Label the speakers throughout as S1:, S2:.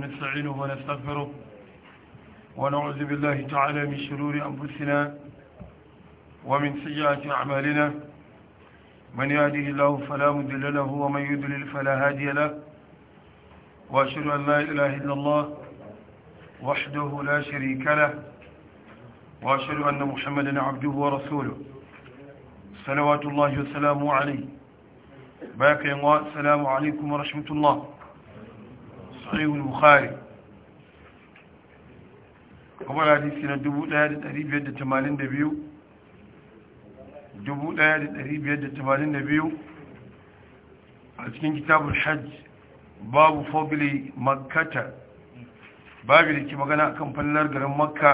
S1: نستعينه ونستغفره ونعوذ بالله تعالى من شرور أنفسنا ومن سيئات أعمالنا من يهده الله فلا مضل له ومن يضلل فلا هادي له وأشهد أن لا إله إلا الله وحده لا شريك له وأشهد أن محمدا عبده ورسوله صلوات الله وسلامه عليه باقي السلام عليكم ورحمة الله sahih al-bukhari kamar hadisi na 1582 1582 a cikin kitabul hajj babu fobili makkata babu da ke magana akan fallar garin makka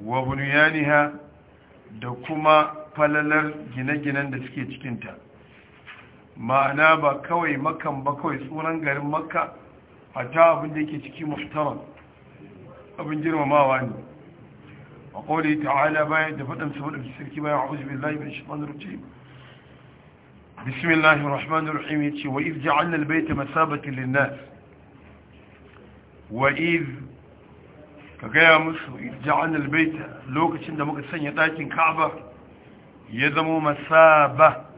S1: wa da kuma falalar gine-ginen da suke cikinta ma'ana ba kawai makan ba kawai garin makka hatta abin da ke ciki muftaran abin girmamawa ne a kawai bayan da faɗin su sarki bayan a'udhu billahi min shaitanir rajim bismillahir rahmanir rahim yace wa iz ja'alna al-bayta masabatan lin-nas wa iz ka gaya musu iz ja'alna al-bayta lokacin da muka sanya ɗakin Ka'aba ya zama masaba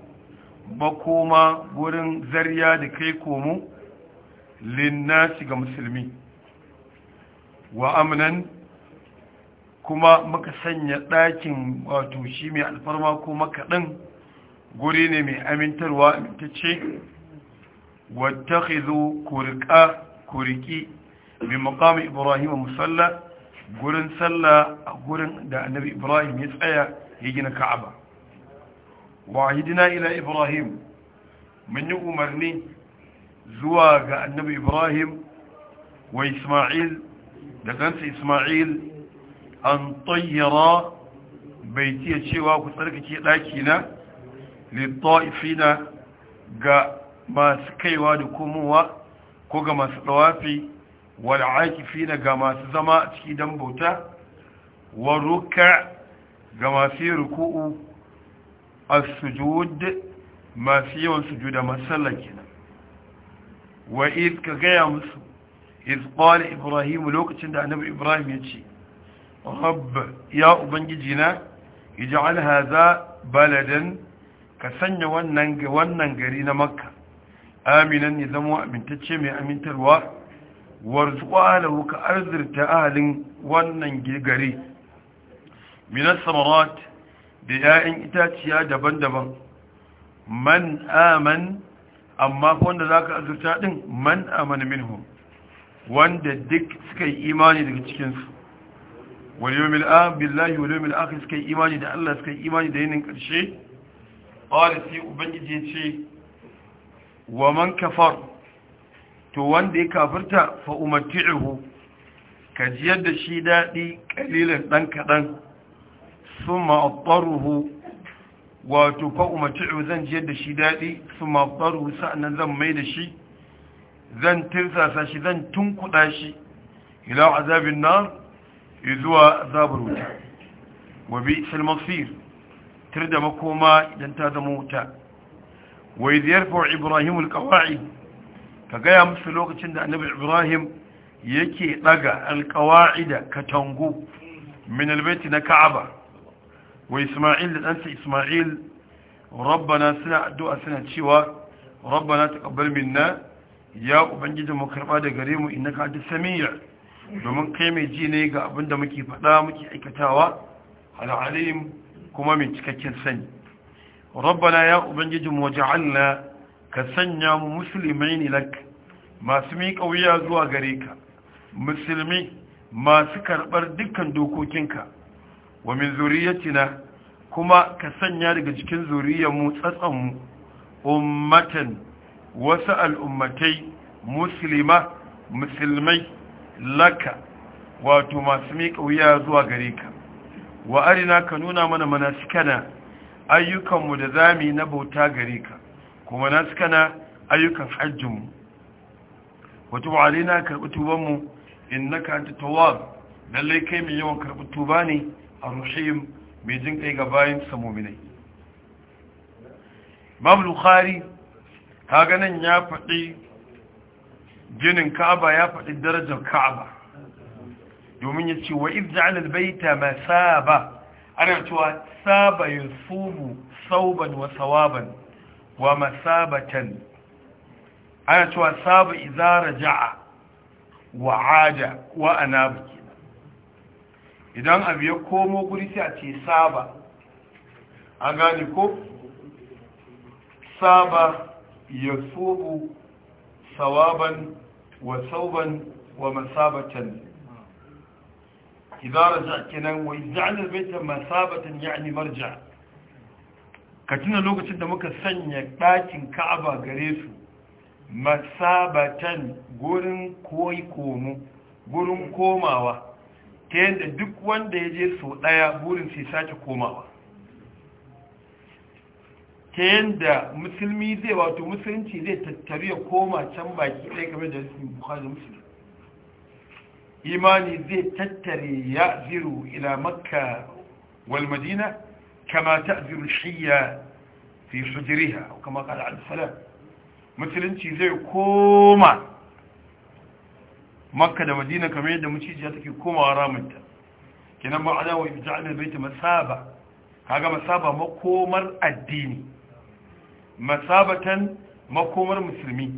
S1: makoma wurin zariya da kai komo linnasi ga musulmi wa amnan kuma muka sanya ɗakin wato shi mai alfarma ko makaɗin guri ne mai amintarwa ce wata hizo kurika kuriki bi makamu ibrahim musalla gurin sallah a gurin da annabi ibrahim ya tsaya ya gina ka'aba wa'idina ila ibrahim mun yi umarni zuwa ga annabi ibrahim wa isma'il da kansa isma'il an tayyara bai tiya cewa ku tsarkake ɗakina littafina ga masu kaiwa da komowa ko ga masu ɗawafi wal'akifina ga masu zama a ciki don bauta wa ga masu yi ruku'u as-sujud masu yawan sujuda masallar kenan wa iz gaya musu iz qala ibrahim lokacin da annabi ibrahim ya ce rabb ya ubangiji na ij'al hadha baladan ka sanya wannan gari na makka Amina ya zama amintacce mai amintarwa warzuqu ahlahu ka arzirta ahalin wannan gari minas samarat da 'ya'yan itaciya daban-daban man aman amma wanda za ka azurta ɗin man aman minhu wanda duk suka yi imani daga cikinsu waliyomil a billahi waliyomil a suka yi imani da Allah suka yi imani da yinin ƙarshe ƙwada sai ubangiji ce wa man kafar to wanda ya kafirta fa umarti'ihu ka jiyar da shi daɗi ƙalilan ɗan kaɗan sun ma'abbaruhu wato fa'umaci zan jiyar da shi daɗi sun ma'abbaruhu sa'annan zan mai da shi zan tirsasa shi zan tunkuɗa shi ila azabin nan zuwa azabar wuta wa bi salmasir tir da makoma idan ta zama wuta wa yi ziyarfa ibrahim alkawai ka gaya musu lokacin da annabi ibrahim yake ɗaga alkawai da katangu min albaiti na ka'aba wa Isma'il da ɗansa Isma'il rabbana suna addu'a suna cewa rabbana taqabbal minna ya ubangijin mu karba da gare mu ka antas samiyya domin kai mai ji ne ga abin da muke faɗa muke aikatawa al kuma mai cikakken sani rabbana ya ubangijin mu waj'alna ka sanya mu muslimaini lak masu mi kauya zuwa gare ka musulmi masu karɓar dukkan dokokinka wa min zuriyatina kuma ka sanya daga cikin zuriyar mu ummatan wasu al'ummatai musulma musulmai laka wato masu miƙa wuya zuwa gare ka wa arina ka nuna mana manasikana ayyukanmu da zami na bauta gare ka kuma manasikana ayyukan hajjinmu wato wa alina karɓi tubanmu in na ka ta tawar lallai kai mai yawan karɓi tuba ne a rushim mai jin kai ga bayan samominai. mu'minai Imam Bukhari kaga ya faɗi ginin Ka'aba ya faɗi darajar Ka'aba domin ya ce wa izja'al ma saba ana cewa saba yusubu sauban wa sawaban wa masabatan ana cewa saba izara ja'a wa 'ada wa idan abu ya komo guri sai a ce saba a gane ko saba ya tsohu sawaban wa sauban wa masabatan idan raja kenan wa ja'alar baita masabatan ya'ani marja ka tuna lokacin da muka sanya ɗakin ka'aba gare su masabatan gurin koyi komo gurin komawa ta yadda duk wanda ya je sau ɗaya burin sai sake komawa ta yadda musulmi zai wato musulunci zai tattari ya koma can baki ɗaya kamar da musulmi bukhari musulmi imani zai tattare ya ziru ila makka wal madina kama ta ziru shiya fi hujiriha kama kada al musulunci zai koma makka da madina kamar yadda mucijiya take komawa ramunta kenan ma'ana wa ja'alna baita masaba kaga masaba makomar addini masabatan makomar musulmi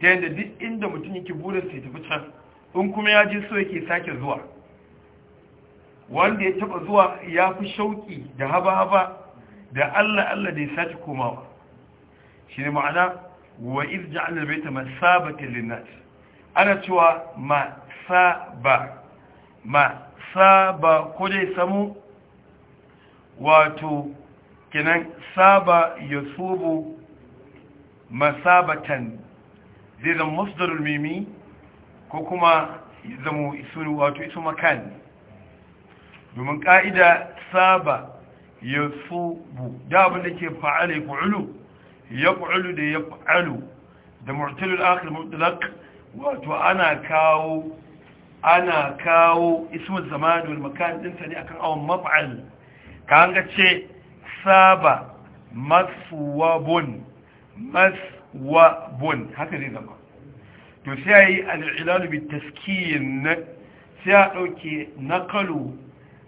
S1: ta yadda duk inda mutum yake burin sai tafi can in kuma ya ji so yake sake zuwa wanda ya taba zuwa ya fi shauki da haba-haba da Allah Allah da ya sake komawa shi ne ma'ana wa iz ja'alna baita masabatan lin-nas ana cewa ma saba ko dai samu wato kenan saba ya tsubu masabatan zai zama masdarul mimi ko kuma zama isu wato isu makan domin ka'ida saba ya tsubu da abin da ke fa'ala ya ku'ulu ya ku'ulu da ya fa'alu da murtalul akhir mutlaq wato ana kawo ana kawo ismul zamani wal makan dinsa ne akan awon maf'al ka hanga ce saba maswabun maswabun haka zai zama to sai yi ilal bi taskin sai a dauke naqalu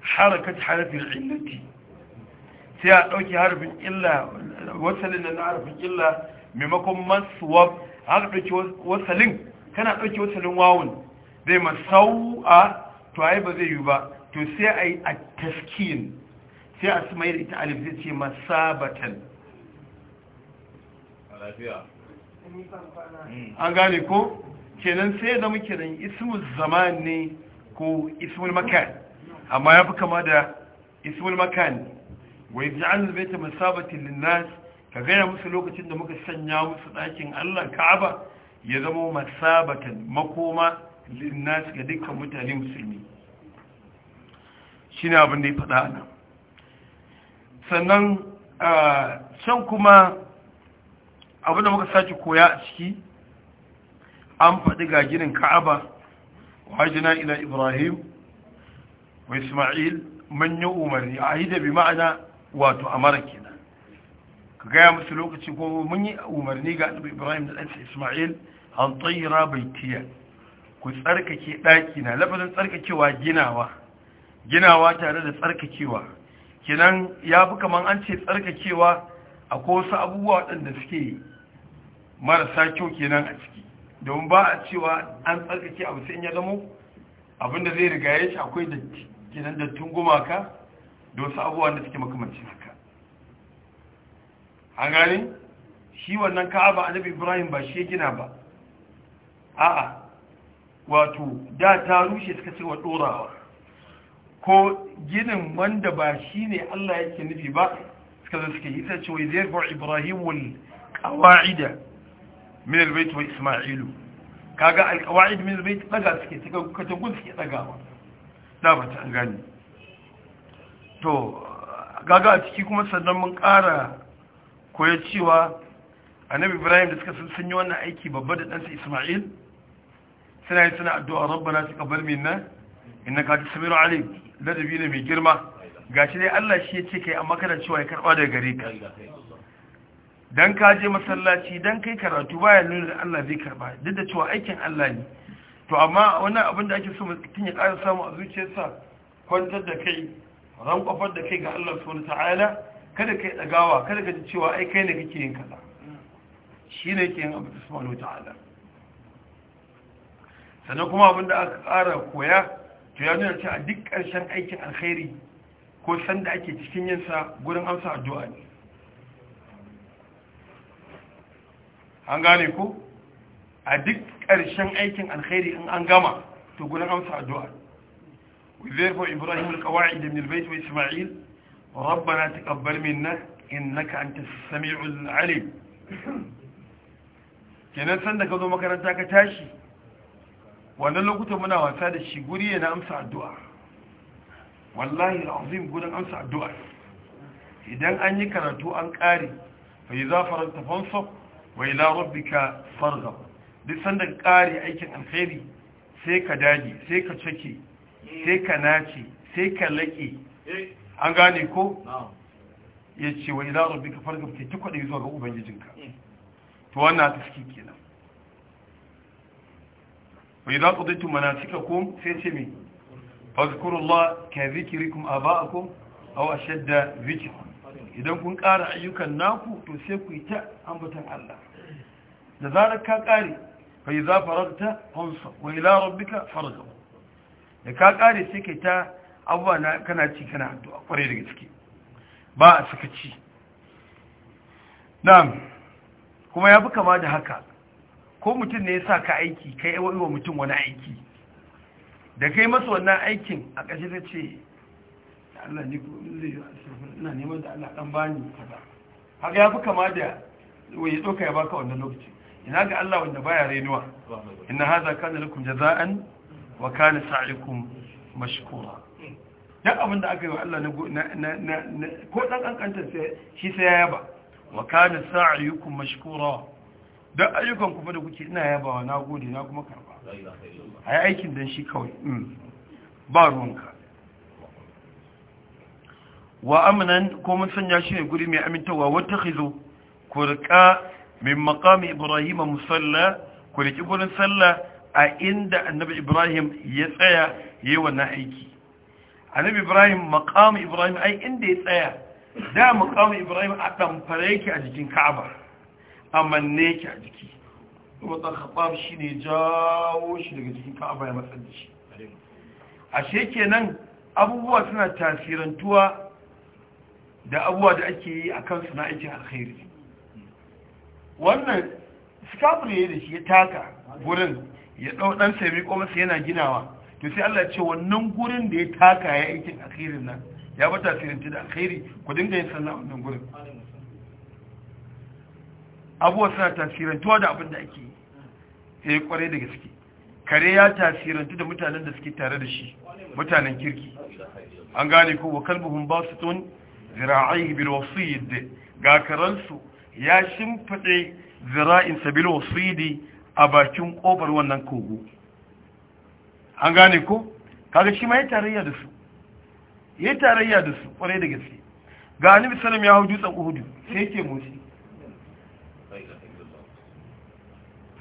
S1: harakat harfi illati sai a dauke harfin illa wasalin na harfin illa maimakon maswab haka dauke wasalin kana ɗauke wasalin wawun zai ma sau'a to ai ba zai yi ba to sai a yi a taskin sai a su mayar ita alif zai ce masabatan an gane ko kenan sai ya muke nan ismul zaman ne ko ismul makan amma ya fi kama da ismul makan wai an zai ta masabatin linnas ka gaya musu lokacin da muka sanya musu ɗakin allah ka'aba ya zama masabatan makoma linnasi ga dukkan mutane musulmi shine abin da ya faɗa nan sannan can kuma abin da muka sake koya a ciki an faɗi ga ginin ka'aba wajina ila ibrahim wa isma'il manyan umarni a hida bi ma'ana wato a mara ka gaya musu lokaci ko mun yi umarni ga ibrahim da ɗansa isma'il an tsayira baitiya ku tsarkake ɗakina lafazin tsarkakewa ginawa ginawa tare da tsarkakewa kinan ya fi kaman an ce tsarkakewa a wasu abubuwa waɗanda suke marasa kyau kenan a ciki domin ba a cewa an tsarkake abu sai ya zamo abinda zai riga ya shi akwai da kinan dattin gumaka da wasu abubuwa da suke makamancin haka an gani, shi wannan ka'aba annabi ibrahim ba shi ya gina ba a'a wato da ta rushe suka ce wa dorawa ko ginin wanda ba shi ne Allah yake nufi ba suka zo yi. ita ce wai zai bar ibrahim wal kawa'ida min albayt wa isma'ilu kaga al kawa'id min albayt daga suke suka gun suke dagawa da ba ta gani to gaga a ciki kuma sannan mun ƙara koya cewa annabi ibrahim da suka sun yi wannan aiki babba da sa isma'il suna yi suna addu'a rabbana nan, minna ka antas samiu Ali ladabi ne mai girma Ga shi dai Allah shi ya ce kai amma kada cewa ya karɓa daga gare ka dan ka je masallaci dan kai karatu baya nuna da Allah zai karɓa. duk da cewa aikin Allah ne to amma wannan abin da ake so tun ya ƙara samu a zuciyarsa kwantar da kai ran da kai ga Allah wani ta'ala kada kai ɗagawa kada ka ji cewa ai kai ne kake yin kaza ne ke yin abu subhanahu ta'ala sannan kuma abin da aka ƙara koya to ya nuna cewa duk ƙarshen aikin alkhairi ko sanda ake cikin yinsa gurin amsa addu'a ne an gane ku a duk ƙarshen aikin alkhairi in an gama to gurin amsa addu'a وذيرفع isma'il rabba na البيت minna in na ka an ta sami'ul alim kenan san da ka zo makaranta ka tashi wannan lokutan muna wasa da shi guri yana amsa addu'a wallahi azim gurin amsa addu'a idan an yi karatu an ƙare fa yi zafarar tafansar wa ila rabbika farga duk sanda ƙare aikin alheri sai ka daji sai ka cake sai ka nace sai ka laƙe an gane ko ya ce wa ila rabbika farga ke ta kwaɗe zuwa ga ubangijinka to wannan ta suke kenan wai za ku zaitu manasikakum sai ce me fazkurullah ka zikirikum aba'akum aw ashadda zikra idan kun ƙara ayyukan naku to sai ku yi ta ambatan Allah da zarar ka ƙare fa idza faragta fansab wa ila rabbika farghab da ka ƙare sai kai ta abuwa na kana ci kana addu'a kware daga ciki ba a sakaci na'am kuma ya fi kama da haka ko mutum ne ya sa ka aiki kai wa mutum wani aiki da kai masa wannan aikin a ƙashi ta ce Allah ni zai ina neman da Allah ɗan bani kaza haka ya fi kama da waye ɗauka ya baka wannan lokaci ina ga Allah wanda baya renuwa inna haza kana lakum jaza'an wa kana sa'ikum mashkura duk abin da aka yi wa Allah na ko ɗan ƙanƙantar sai shi sai ya yaba wa kana sa'ikum mashkura don ayyukan kuma da kuke ina yabawa na gode na kuma karba a yi aikin don shi kawai mm. ba ruwanka wa aminan ko sanya shi ne guri mai amintawa wata hizo ku rika mai makami ibrahim musalla ku riki gurin salla a inda annabi ibrahim ya tsaya ya yi wannan aiki annabi ibrahim makami ibrahim ai inda ya tsaya da makami ibrahim a ɗamfara yake a jikin ka'aba a ki a jiki kuma ɗan haɓar shi ne jawo shi daga jikin ka'aba ya matsar da shi ashe nan abubuwa suna tasirantuwa da abubuwa da ake yi a kansu na aikin alkhairi wannan skafir ya da shi ya taka gurin ya ɗau ɗan sai yana ginawa to sai Allah ce wannan gurin da ya taka ya aikin alkhairi nan ya ba tasirantu da alkhairi ku dinga yin sannan wannan gurin abuwa suna tasirantuwa da abin da ake yi sai eh, kware da gaske kare ya tasirantu da mutanen da suke tare da shi mutanen kirki an gane ko wa su tun zira'ai bil wasid ga karansu ya shimfide zira'in sabil wasid a bakin kofar wannan kogo an gane ko kaga shi ma ya tarayya da su ya tarayya da su kware da gaske ga annabi sallallahu alaihi wasallam ya hau dutsen uhudu sai yake motsi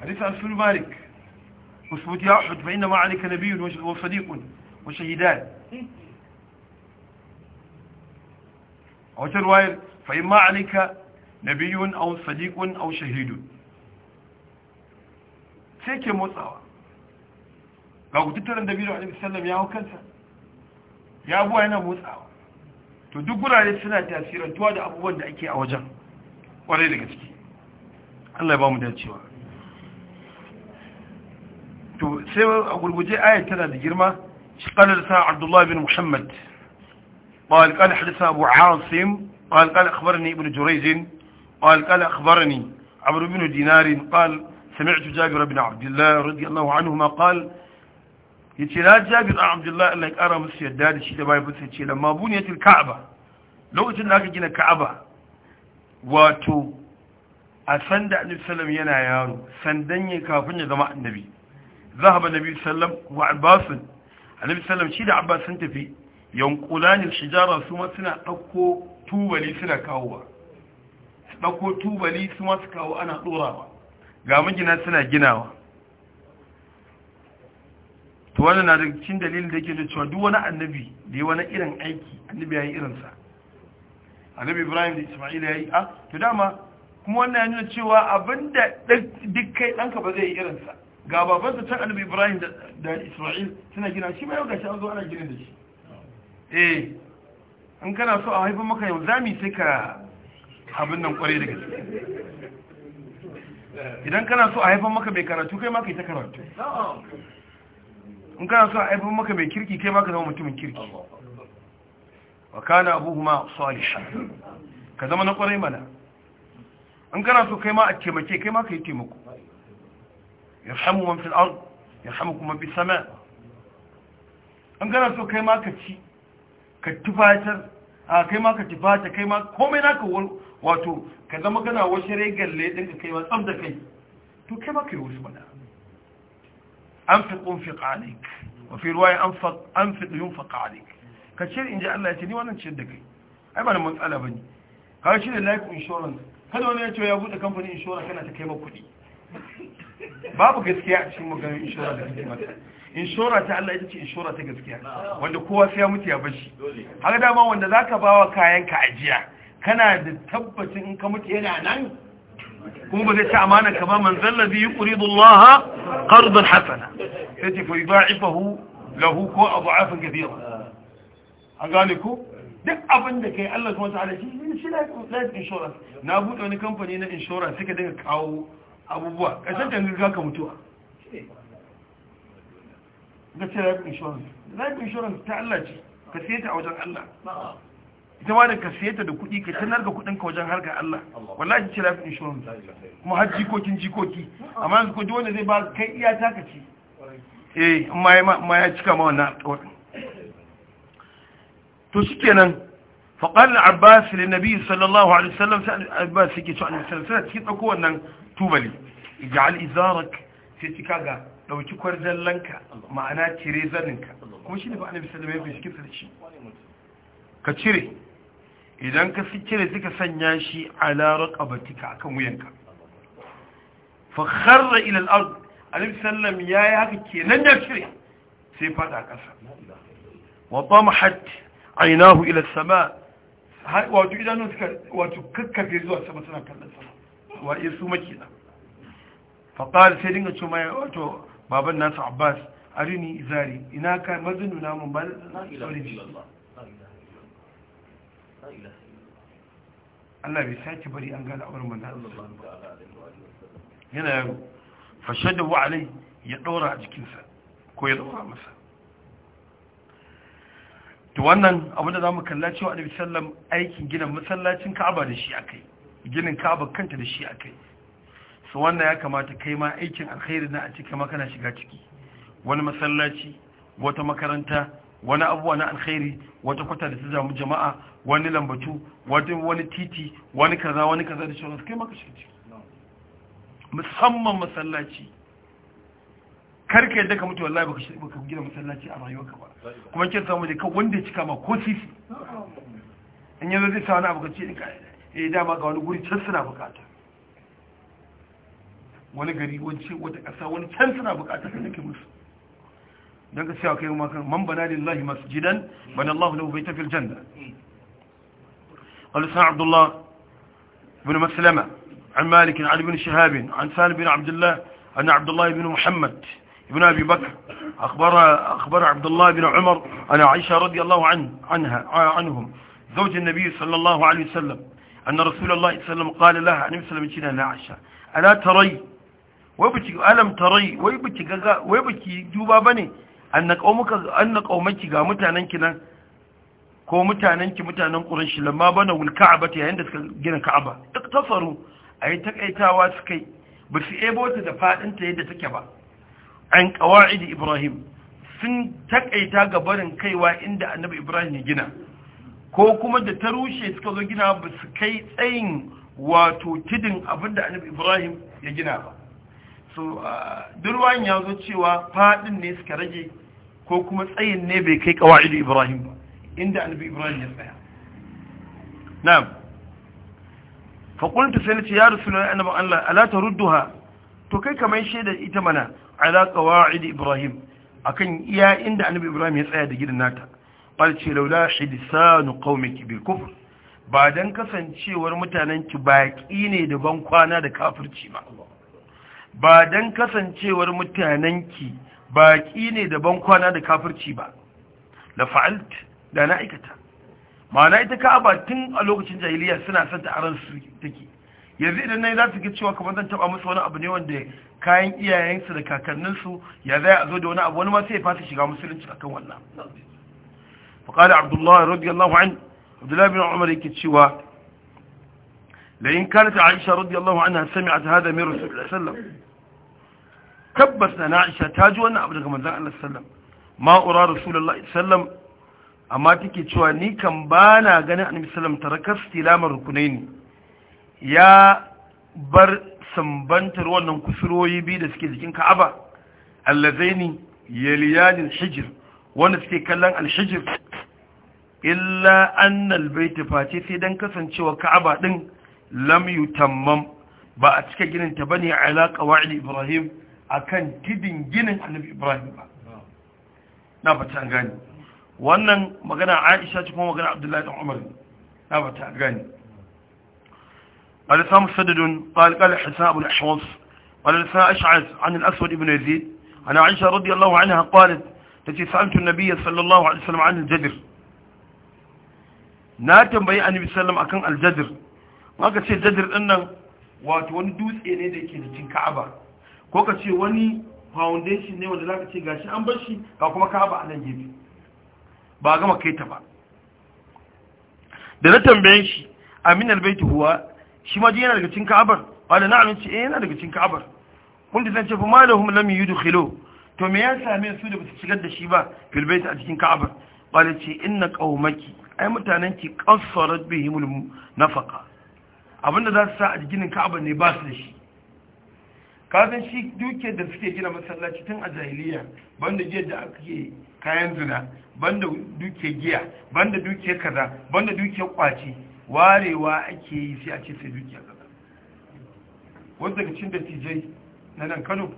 S1: حديث أنس بن مالك وثبوت أحد فإنما عليك نبي وصديق وشهدان أو ترواية فإما عليك نبي أو صديق أو شهيد سيكي موسعوا ga kututturan da biyu alaihi sallam ya hau kansa ya abuwa yana motsawa to duk wurare suna tasirantuwa da abubuwan da ake a wajen ƙwarai daga ciki allah ya ba mu dacewa to a gurguje ayat tana da girma shi kalar sa abdullahi muhammad ba alƙalar abu arasim ba alƙalar ibn jurejin ba alƙalar abu bin dinarin qal sami'tu jabir bin abdullahi radiyallahu anhu ma qal yace la jabir bin abdullahi Allah ya ƙara musu yadda da shi da ce lamma buniyatul ka'aba lokacin da aka gina ka'aba wato a sanda annabi yana yaro sandan ya kafin ya zama annabi ذهب النبي صلى الله عليه وسلم وعباس النبي صلى الله عليه وسلم شي da Abbas sun tafi yankulani shijara su ma suna dauko tubali suna kawowa dauko tubali su ma su kawo ana dorawa ga magina suna ginawa to wannan na daga cikin dalilin da yake da cewa duk wani annabi da yi wani irin aiki annabi ya yi irinsa annabi ibrahim da isma'ila ya yi a to dama kuma wannan ya nuna cewa abinda duk kai ɗanka ba zai yi irinsa ga babansa can annabi ibrahim da isra'il suna gina shi ma yau shi, an zo ana gina da shi eh in kana so a haifin maka yau zami sai ka abin nan kwarai da gaske idan kana so a haifin maka mai karatu kai maka yi ta karatu in kana so a haifin maka mai kirki kai maka zama mutumin kirki wa kana abuhuma salisha ka zama na kwarai mana in kana so kai ma a taimake kai ma yi taimako yarhamu man fil ard yarhamukum man bis sama an gana so kai ma ka ci ka tufatar a kai ma ka tufata kai ma komai naka wato ka zama kana washe regalle din ka kai ma tsam da kai to kai ma kai wasu mana anfiq unfiq alik wa fi riwaya anfiq anfiq yunfaq alik ka cire inji Allah ya ce ni wannan ciyar da kai ai ba da matsala bane kawai shi ne life insurance kada wani ya ce ya bude kamfanin insurance kana ta kai ma kuɗi babu gaskiya a cikin maganin inshora da kake mata inshora ta Allah ita ce inshora ta gaskiya wanda kowa sai ya mutu ya bashi haka dama wanda zaka bawa kayan ka ajiya kana da tabbacin in ka mutu yana nan kuma ba zai ci amana ka ba man zallabi yuridu Allah qardan hasana sai ce fa yudha'ifahu lahu ko adha'afan kathira an gane ko duk abin da kai Allah subhanahu wa ta'ala shi shi life insurance na bude wani kamfani na insurance suka dinga kawo abubuwa ƙasar tangarga ka mutuwa ga ce life insurance life insurance ta Allah ce ka siye ta a wajen Allah ita ma da ka siye ta da kuɗi ka sanar da kuɗin ka wajen harkar Allah wallahi ce life insurance kuma har jikokin jikoki amma yanzu ko wanda zai ba kai iya taka ce eh ma ya cika ma wannan alƙawarin to shikenan فقال العباس للنبي صلى الله عليه وسلم سأل العباس يكي شو عن السلسلة كي تقوى أن tubali. ij'al izarak sai ci kaga dauki lanka ma'ana cire zaninka kuma shi ne ba annabi sallallahu alaihi wasallam ya fiske shi ka cire idan ka fi cire suka sanya shi ala raqabatika akan wuyanka fa kharra ila al-ard annabi ya yayi haka kenan ya cire sai fada kasa wa tamahat aynahu ila as-sama wato idanun suka wato kakkafe zuwa sama suna kallon sama wa isu makina faƙar sai dinga ce mai wato baban nasu abbas arini izari ina ka mazinu namun ba Allah bai sake bari an gane auren manna yana yaro fashe da wa'alai ya ɗora a jikinsa ko ya ɗora masa ta wannan abinda za mu kalla cewa annabi sallam aikin gina masallacin ka'aba da shi a kai ginin ka'aba kanta da shi a kai. su wannan ya kamata kai ma aikin alkhairi na a cika makana shiga ciki wani masallaci wata makaranta wani abubuwa na alkhairi wata kwata da ta zamu jama'a wani lambatu wani titi wani kaza wani kaza da shawararsu kai maka shiga ciki musamman masallaci karka yadda ka mutu wallahi baka gina masallaci a rayuwarka ba kuma kin samu da kan wanda ya cika ma ko sisi in yanzu zai sa wani abu ka ce eh dama ga wani guri can suna bukata wani gari wance wata ƙasa wani can suna buƙatar ka nake musu don ka cewa kai ma kan man bana lillahi masjidan bana Allah lahu baita fil janna قال سعد الله بن مسلمة عن مالك عن ابن شهاب عن سالم بن عبد الله أن عبد الله بن محمد بن أبي بكر أخبر, أخبر عبد الله بن عمر أن عائشة رضي الله عنه عنها عنهم زوج النبي صلى الله عليه وسلم أن رسول الله صلى الله عليه وسلم قال لها أن يسلم لها عائشة ألا تري wai biki alam tarai wai biki gaga wai biki duba bane anna qaumuka anna qaumaki ga mutanen ki nan ko mutanen ki mutanen quraish lamma bana wal ka'aba yayin da suka gina ka'aba duk tafaru ayi takaitawa suka yi ba su ebo ta da fadin ta yadda take ba an qawaid ibrahim sun takaita ga barin kaiwa inda annabi ibrahim ya gina ko kuma da ta rushe suka zo gina ba su kai tsayin wato tidin abinda annabi ibrahim ya gina ba so uh, durwan ya zo cewa fadin ne suka rage ko kuma tsayin ne bai kai kawaidu ibrahim ba inda annabi ibrahim ya tsaya na'am fa qultu sai nace ya rasulullahi annabi Allah ala tarudduha to kai kamar shaidar ita mana ala qawaid ibrahim akan iya inda annabi ibrahim ya tsaya da gidan nata qal ce laula hidsan qaumiki bil kufr ba dan kasancewar mutanen ki baki ne da ban kwana da kafirci ba Allah ba don kasancewar mutanenki baƙi ne da ban kwana da kafirci ba la fa'alt da na aikata ma'ana ita ka'aba tun a lokacin jahiliya suna ta a su take yanzu idan nan za su ga cewa kamar zan taba musu wani abu ne wanda kayan iyayensu da kakanninsu ya zai a zo da wani abu wani ma sai ya fasa shiga musulunci akan wannan faƙada abdullahi radiyallahu an abdullahi bin umar yake cewa لئن كانت عائشة رضي الله عنها سمعت هذا من رسول الله صلى الله عليه وسلم عائشة تاجوا أن أبدك من ذلك الله سلم ما أرى رسول الله صلى الله take cewa ni kan ba na ganin annabi sallam tarakas tilamar rukunaini ya bar sambantar wannan kusuroyi biyu da suke jikin ka'aba allazaini yaliyanin hijir wanda suke kallon alhijir illa annal baiti face sai dan kasancewa ka'aba din lam yutammam ba a cika ginin ta bane ala qawaid ibrahim akan tidin ginin annabi ibrahim ba na fata an gani wannan magana aisha ce magana abdullahi dan umar na fata an gane قال سام مسدد قال قال حسان ابو الاحوص قال لسان اشعث عن الاسود بن يزيد عن عائشه رضي الله عنها قالت التي سألت النبي صلى الله عليه وسلم عن الجدر na tambayi annabi sallam akan aljadir maka ce dadir din nan wato wani dutse ne da yake jikin ka'aba ko ka ce wani foundation ne wanda zaka ce gashi an bar shi ga kuma ka'aba a nan gefe ba gama kai ta ba da na tambaye shi amin albaiti huwa shi ma yana daga cikin ka'abar wanda na amince eh yana daga cikin ka'abar kun da ce fa malahum lam yudkhilu to me ya same su da su shigar da shi ba fil baiti a cikin ka'abar wanda ce inna qaumaki ai mutanen ki qassarat bihimul nafaqa abinda za su sa a ginin ka'aba ne ba su da shi kasan shi duke da suke gina masallaci tun a jahiliya banda giyar da aka ke kayan zina banda duke giya banda duke kaza banda duke kwaci warewa ake yi sai a ce sai duke kaza wanda daga cin da na nan kano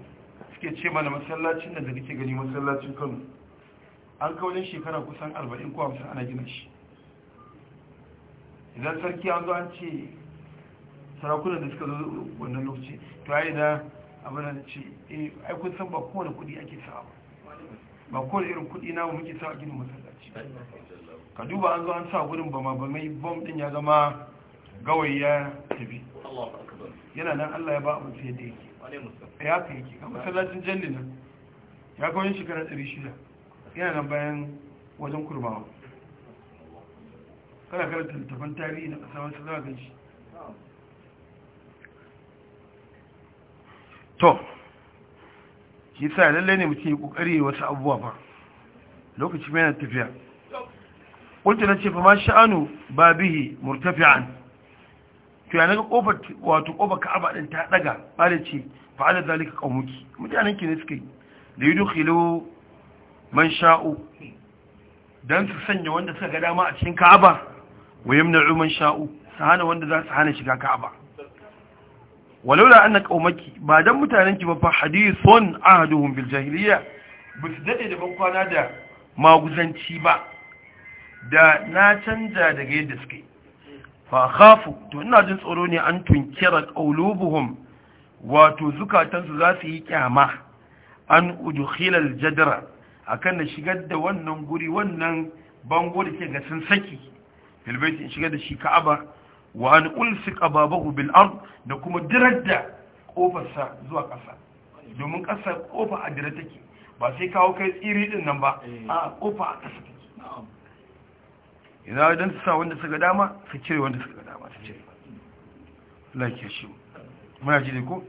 S1: suke ce mana masallacin da nake gani masallacin kano an kawalin shekara kusan 40 ko 50 ana gina shi idan sarki an zo an ce sarakunan da suka zo wannan lokaci to ai da abin da ce eh ai kun san ba kowane kudi ake sawa ba kowane irin kudi na muke sawa ginin masallaci ka duba an zo an sa gurin ba ma ba mai bom din ya zama gawai ya tafi yana nan Allah ya ba abu sai da yake ya ka yake ga masallacin jalli nan ya kawai shekara 600 yana nan bayan wajen kurbawa kana karanta littafin tarihi na kasar wasu zagan shi to shi sa lallai ne mutum yi kokari wasu abubuwa ba lokaci mai na tafiya ƙuntu na ce fa ma sha'anu ba bihi murtafi'an to ya naga kofar wato kofar ka'aba din ta daga bare ce fa ala zalika qaumuki mutanen ki ne suka yi da yudkhilu man sha'u dan su sanya wanda suka ga dama a cikin ka'aba wa yamna'u man sha'u su hana wanda za su hana shiga ka'aba walaula anna qaumaki ba don mutanen ba fa hadithun ahduhum bil jahiliya ba su daɗe da bankwana da maguzanci ba da na canza daga yadda suke fa khafu to ina jin tsoro ne an tunkira qaulubuhum wato zukatansu za su yi kyama an udukhilal jadara a akan na shigar da wannan guri wannan bango da ke ga saki filbaiti shigar da shi ka'aba wa an ulsika babahu bil ard da kuma dirar da kofarsa zuwa kasa domin kasa kofa a dire take ba sai kawo kai tsiri din nan ba eh. a kofa a kasa take idan dan su sa wanda suka dama su cire wanda suka dama su cire Allah ya shi muna ji ko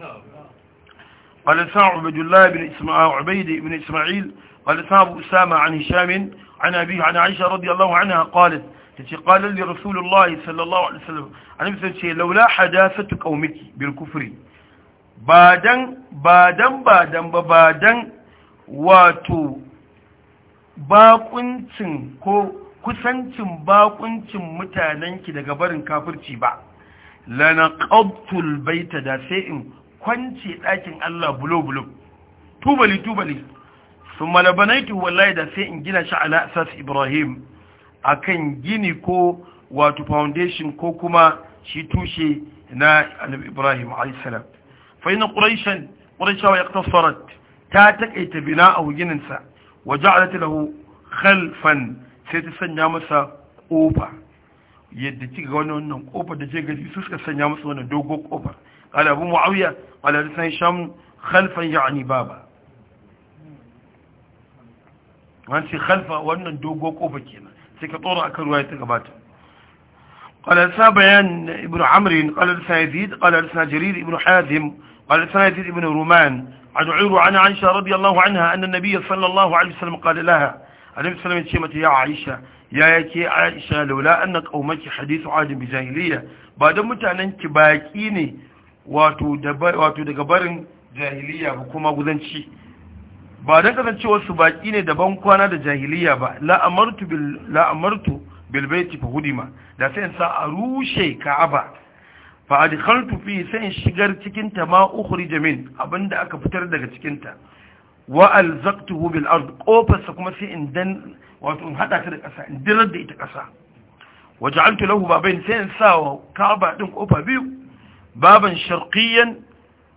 S1: قال سعد عبد الله بن اسماعيل عبيد بن اسماعيل قال سعد أسامة عن هشام عن أبيه عن عائشة رضي الله عنها قالت tace qala li rasulullah sallallahu alaihi wasallam annabi sai ce laula hadathatu qaumiki bil kufri ba dan ba dan dan ba ba dan wato bakuncin ko kusancin bakuncin mutanenki daga barin kafirci ba lanaqabtul baita da sai in kwance ɗakin Allah bulo-bulo tubali-tubali su malabanaitu wallahi da sai in gina shi ala Ibrahim akan gini ko wato foundation ko kuma shi tushe na annabi Ibrahim alayhi salam fa inna quraishan quraishawa yaqtasarat ta takaita bina'ahu ginin sa waja'alat lahu khalfan sai ta sanya masa kofa yadda kika ga wannan kofa da ce gaji su suka sanya masa wannan dogo kofa qala abu muawiya qala lisan sham khalfan ya'ni baba wani khalfa wannan dogo kofa kenan sai ka tsora akan ruwa ya ta gabata ƙwallar sa ibn amurin ƙwallar sa ya zid ibn hadim ƙwallar sa ya zid ibn roman a du'iru ana an sha rabi allahu an sallallahu alaihi salam ƙwallar laha a nabi mata yawa aisha ya ya ke aisha laula an na ƙaumaki hadisu adin bijahiliya ba don mutanen ki baki ne wato daga barin jahiliya ko kuma gudanci. ba don kasancewar su baki ne daban kwana da jahiliya ba la'amartu bil la'amartu bil baiti fa hudima da sai sa a rushe ka'aba fa adkhaltu fi sai shigar cikin ta ma ukhrij min abinda aka fitar daga cikin ta wa alzaqtuhu bil ard qofasa kuma sai in dan wato hada ta da kasa in dirar da ita kasa waja'altu lahu babain sai in sa wa ka'aba din kofa biyu baban sharqiyyan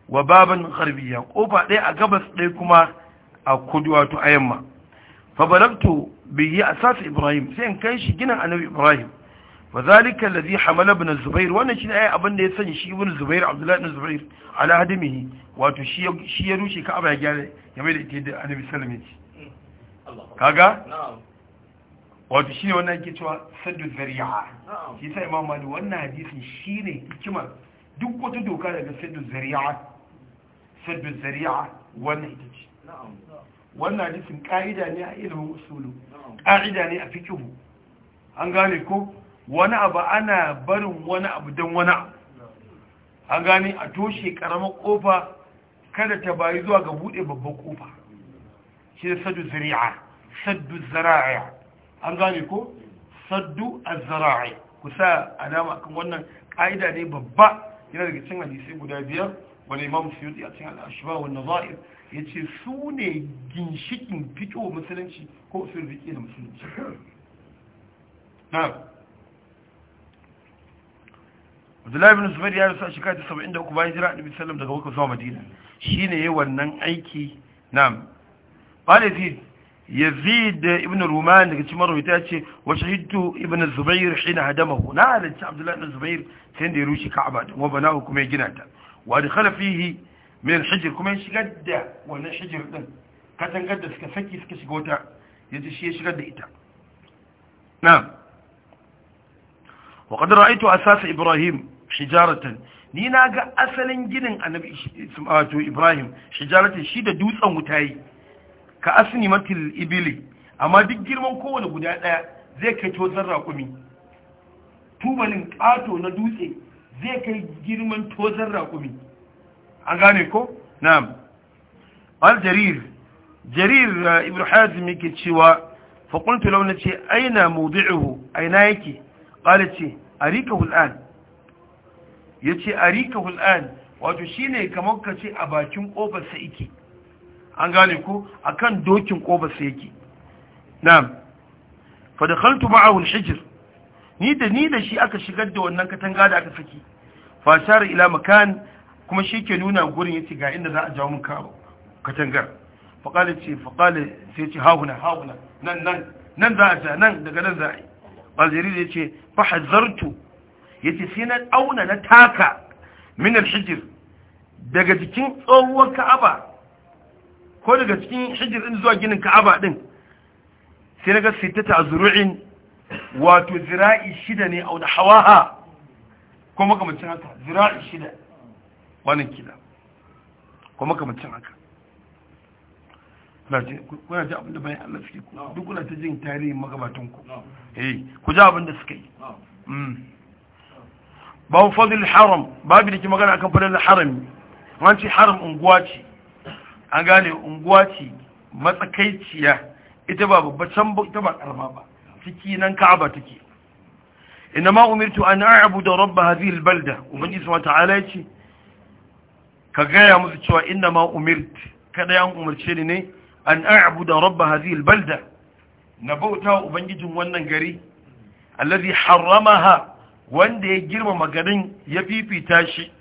S1: wa baban gharbiyyan kofa ɗaya a gabas ɗaya kuma a kudu wato a yamma fa balagtu a asas ibrahim sai in kai shi ginin annabi ibrahim fa zalika alladhi hamala ibn zubair wannan shine ai abin da ya sanya shi ibn zubair abdullahi ibn zubair ala hadimihi wato shi shi ya rushe ka aba ya gyara ya mai da ita da annabi sallallahu alaihi wasallam kaga wato shine wannan yake cewa saddu zari'a shi sai imam mali wannan hadisin shine hikima duk wata doka daga saddu zari'a saddu zari'a wannan ita ce na'am wannan hadisin ka'ida ne a ilimin usulu ka'ida ne a fikihu an gane ko wani abu ana barin wani abu don wani abu an gane a toshe karamar kofa kada ta bayi zuwa ga bude babban kofa shi da saddu zari'a saddu zara'a an gane ko saddu azzara'i kusa alama kan wannan ka'ida ne babba yana daga cin hadisi guda biyar wani imam suyuti a cikin al'ashiba wa nazair ya ce su ne ginshikin fito musulunci ko usul fiƙe da musulunci na abdullahi bin zubair ya rasu a shekara ta saba'in da uku bayan jira annabi sallam daga wakil zuwa madina shi ne ya wannan aiki na yazid ibn ruman daga cikin marwaita ya ce wa shahidtu ibn zubair hina hadamahu na halarci abdullahi ibn zubair sai da ya rushe ka'aba bana kuma ya gina ta wa dakhala fihi min hijr kuma ya shigar da wannan hijr din katangar da suka saki suka shiga wata yaji shi ya shigar da ita na'am wa qad a asas ibrahim hijaratan ni na ga asalin ginin annabi wato ibrahim hijaratan shi da dutsen wutayi ka asni matil ibili amma duk girman kowane guda ɗaya zai kai to zarra kumi tubalin ƙato na dutse zai kai girman tozar raƙumi an gane ko na'am al-jarir jarir uh, ibn hazim yake cewa fa qultu law nace aina mawdi'uhu aina yake qala ce arikahu al Ya yace arikahu al-an wato shine kamar ka ce a bakin kofar sa yake an gane ko akan dokin kofar sa yake na'am fa dakhaltu ma'ahu al-hijr ni da ni da shi aka shigar da wannan katanga da aka saki fashar ila makan kuma shi ke nuna gurin yace ga inda za a jawo mun karo katangar faqala ce faqala sai ce ha huna nan nan nan za a ja nan daga nan za a yi aljarir yace fa hazartu yace sai na auna na taka min alhijr daga cikin tsohuwar ka'aba ko daga cikin hijir din zuwa ginin ka'aba din sai na ga ta azru'in wato zira'i shida ne au da hawaha ko makamacin haka zira'i shida wannan kila ko makamacin haka kuna ji abinda bayan Allah suke ku duk kuna ta jin tarihin magabatan ku eh ku ji abinda suka yi mm. babu fadil haram babu da ke magana akan fadil harami wanci haram unguwa ce an gane unguwa ce matsakaiciya ita ba babba ba ita ba karama ba ciki nan ka'aba take inma umirtu an a'budu rabb hadhihi albalda ubangiji subhanahu ta'ala yace ka gaya musu cewa inna ma umirt kada an umarce ni ne an a'budu rabb hadhihi albalda na bauta ubangijin wannan gari allazi harramaha wanda ya girmama garin ya fifita shi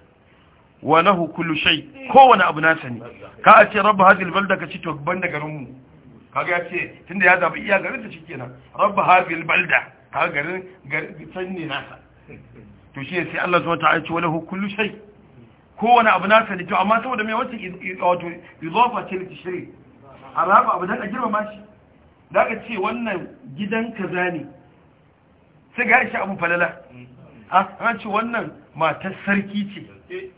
S1: wa lahu kullu shay kowane abu na sani ka a ce rabb hadhihi albalda ka ci to ban da garin mu kaga ya ce tunda ya zaɓi iya garin ta nan rabba hadhihi balda kaga garin garin san ne nasa to shi sai Allah subhanahu wa ta'ala wani ce wala kullu shay kowane abu nasa ne to amma saboda me wace wato idafa ce tishri araba abu daga girma ma shi daga ce wannan gidan kaza ne sai ga shi abu falala a ce wannan matar sarki ce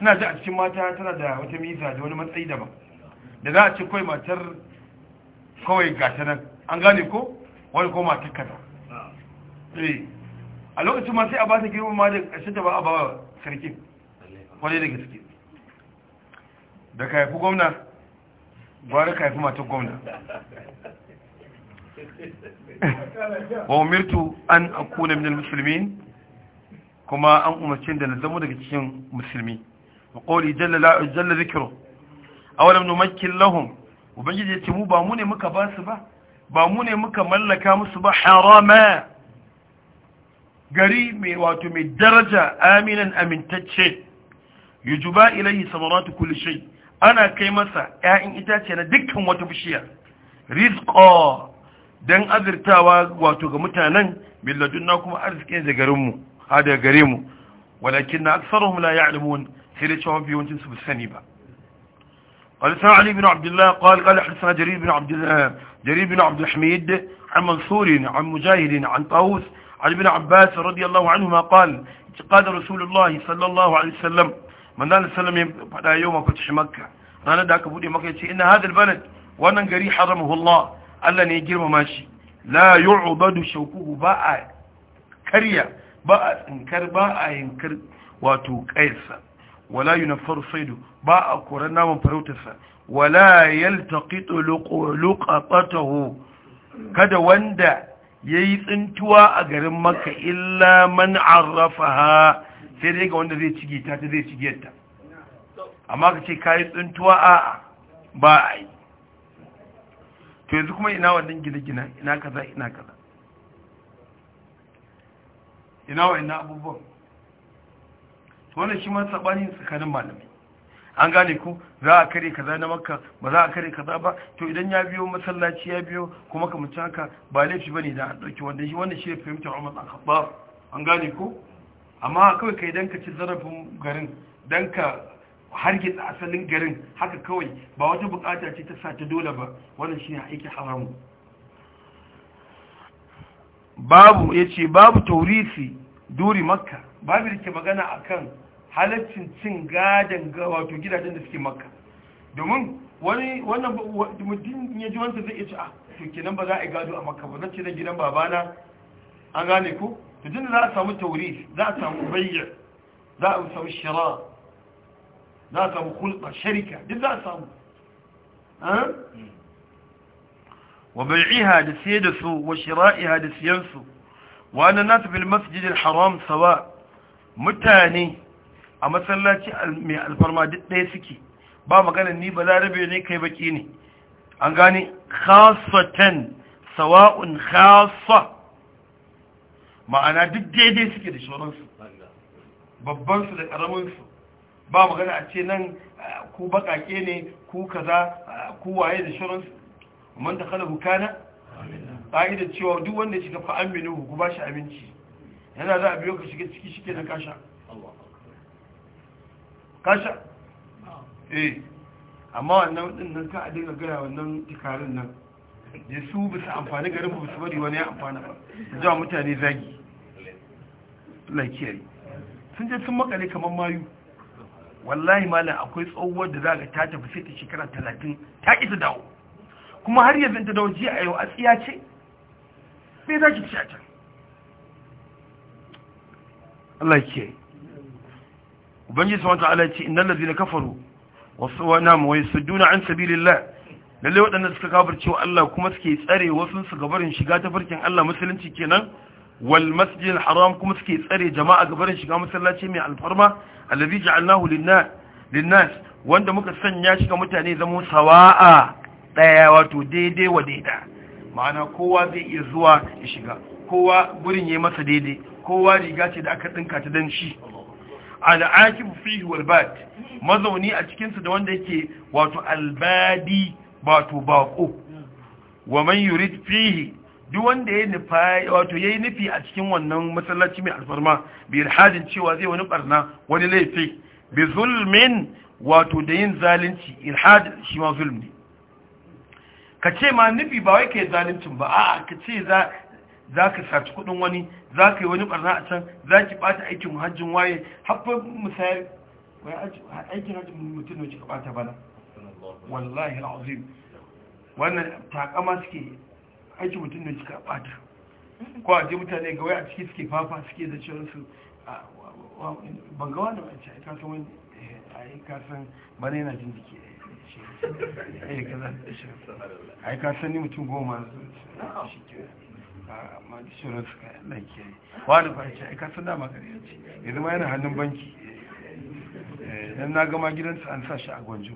S1: ina ji a cikin mata tana da wata miza da wani matsayi daban da za a ce kawai matar kawai gata nan an gane ko wani ko mata kaza ah. eh. a lokacin ma sai a ba ta girma ma da ƙarshen ta ba a ba sarki wani da gaske da ka ku gwamna gwara ka haifi matan gwamna wa umirtu an akuna min musulmi kuma an umarcin da na zama daga cikin musulmi wa qawli jalla la jalla dhikru aw lam lahum ubangiji ya ce mu ba mu ne muka ba su ba ba mu ne muka mallaka musu ba harama gari mai wato mai daraja aminan amintacce yujuba ilayhi samaratu kulli ana kai masa 'ya'yan itace na dukkan wata bishiya rizqa don azirtawa wato ga mutanen milladunna kuma arzikin da garin mu hada gare mu walakin aktsaruhum la ya'lamun sai da cewa biyoncin su sani ba قال حدثنا علي بن عبد الله قال قال حدثنا جرير بن عبد الله جرير بن عبد الحميد عن منصور عن مجاهد عن طاووس عن ابن عباس رضي الله عنهما قال قال رسول الله صلى الله عليه وسلم من الله وسلم بعد يوم فتح مكة أنا ذاك بودي مكة إن هذا البلد وأنا قري حرمه الله ألا نيجر ماشي لا يعبد شوكه باء كريا باء انكر باء ينكر واتو كيسر wala yunaffaru saidu ba a koran naman farautarsa wala yaltaqitu luqatahu kada wanda ya yi tsintuwa a garin maka illa man ha sai dai ga wanda zai cige ta ta zai cige ta amma ka ce yi tsintuwa a ba yi to yanzu kuma ina wannan gina-gina ina kaza ina kaza ina wa ina abubuwan wannan shi man sabani tsakanin malamai an gane ku. za a kare kaza na makka ba za a kare kaza ba to idan ya biyo masallaci ya biyo kuma kamar haka ba laifi bane da an dauki wannan shi wannan shi ne fahimtar Umar bin Khattab an gane ku. amma kawai kai dan ka ci zarafin garin dan ka hargitsa asalin garin haka kawai ba wata bukata ce ta sata dole ba wannan shi ne aiki haramu babu yace babu taurisi duri makka babu da ke magana akan halaccin cin gadon ga wato gidajen da suke makka domin wani wannan mutum ya ji wanta zai ce a ah, to kenan ba za a yi gado a makka ba zai da gidan babana an gane ku? to tunda za a samu tauri za a samu bayyar za a samu shira za a samu hulɗa sharika duk za a samu eh? wa bai'iha da siye da su wa shira'iha da siyansu wa annan nasu fil masjidil haram sawa mutane a masallaci mai alfarma duk ɗaya suke ba magana ni ba larabe ne kai baki ne an gane khasatan sawa'un khasa ma'ana duk daidai suke da shoransu babbansu da ƙaraminsu ba magana a ce nan ku baƙaƙe ne ku kaza ku waye da shoransu man da kala hukana ƙa'idar cewa duk wanda ya shiga fa'amini ku ba shi abinci yana za a biyo ka shiga ciki shike na kasha kasha eh amma wannan din nan ka a dinga gaya wannan tikarin nan da su bisa amfani garin su bari wani ya amfana ba zuwa mutane zagi laikiyari sun je sun makale kamar mayu wallahi malam akwai tsohuwar da za ga ta tafi sai ta shekara talatin ta ƙi dawo kuma har yanzu ta dawo jiya a yau a tsiya ce sai za ki ci a can Allah ke ubangiji subhanahu wataala yace innal na kafaru wa nam wa yasudduna an sabilillah lalle waɗanda suka kafirce wa Allah kuma suke tsare wasu su gabarin shiga tafarkin Allah musulunci kenan wal masjidil haram kuma suke tsare jama'a gabarin shiga masallaci mai alfarma allazi ja'alnahu linnas wanda muka sanya shi ga mutane zama sawa'a daya wato daidai wa daida ma'ana kowa zai iya zuwa ya shiga kowa gurin yayi masa daidai kowa riga ce da aka dinka ta dan shi al'akib fihi wal bad mazauni a cikin da wanda yake wato albadi wato bako wa man yurid fihi duk wanda ya nufa wato yayi nufi a cikin wannan masallaci mai alfarma bi ilhadin cewa zai wani barna wani laifi bi zulmin wato da yin zalunci ilhad shi ma zulmi ka ce ma nufi ba wai kai zaluncin ba a'a ka ce za za ka saci kudin wani za ka yi wani barna a can za ki bata aikin hajjin waye haifar misayar aikin hajjin mutum ne kika bata bana wallahi al'azim wannan takama suke aikin mutum ne kika bata ko a je mutane ga wai a ciki suke fafa suke da cewa su ban ga wani wacce a kasan wani a yi kasan bane yana jin jiki a yi kasan ni mutum goma shi amma shirin suka yanzu ma yana hannun banki eh, don na gama gidansa an sa shi a gwanjo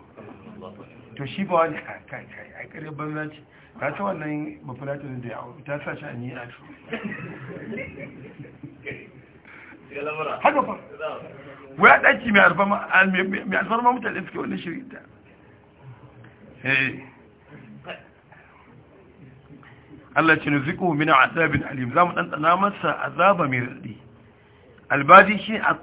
S1: to shi ba wani kai a ƙarfi banza ce ta ta wannan mafilatin da ya auri ta sa shi a ni a su haka fa waya ɗaki mai alfarma mutane suke wani shirin ta eh. Allah ce nuziku min azabin alim zamu dan tsana masa azaba mai radi albadi shi a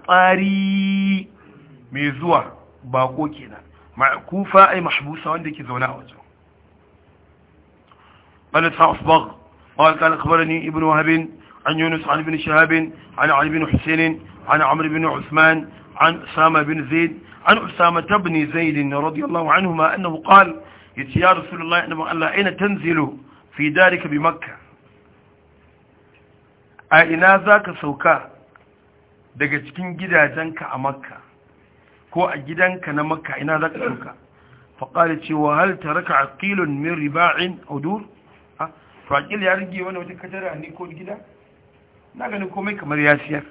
S1: mai zuwa bako kenan ma'kufa ay mahbusa wanda zauna a wajen قال قال اخبرني ابن وهب عن يونس عن ابن شهاب عن علي بن حسين عن عمر بن عثمان عن أسامة بن زيد عن أسامة بن زيد رضي الله عنهما أنه قال يا رسول الله أنه أين تنزلوا fi darika bi makka a ina za ka sauka daga cikin gidajenka a makka ko a gidanka na makka ina za ka sauka faƙari cewa hal ta raka a ƙilon min riba'in audur faƙil ya rige wani wata katara a ko gida na ganin komai kamar ya siyar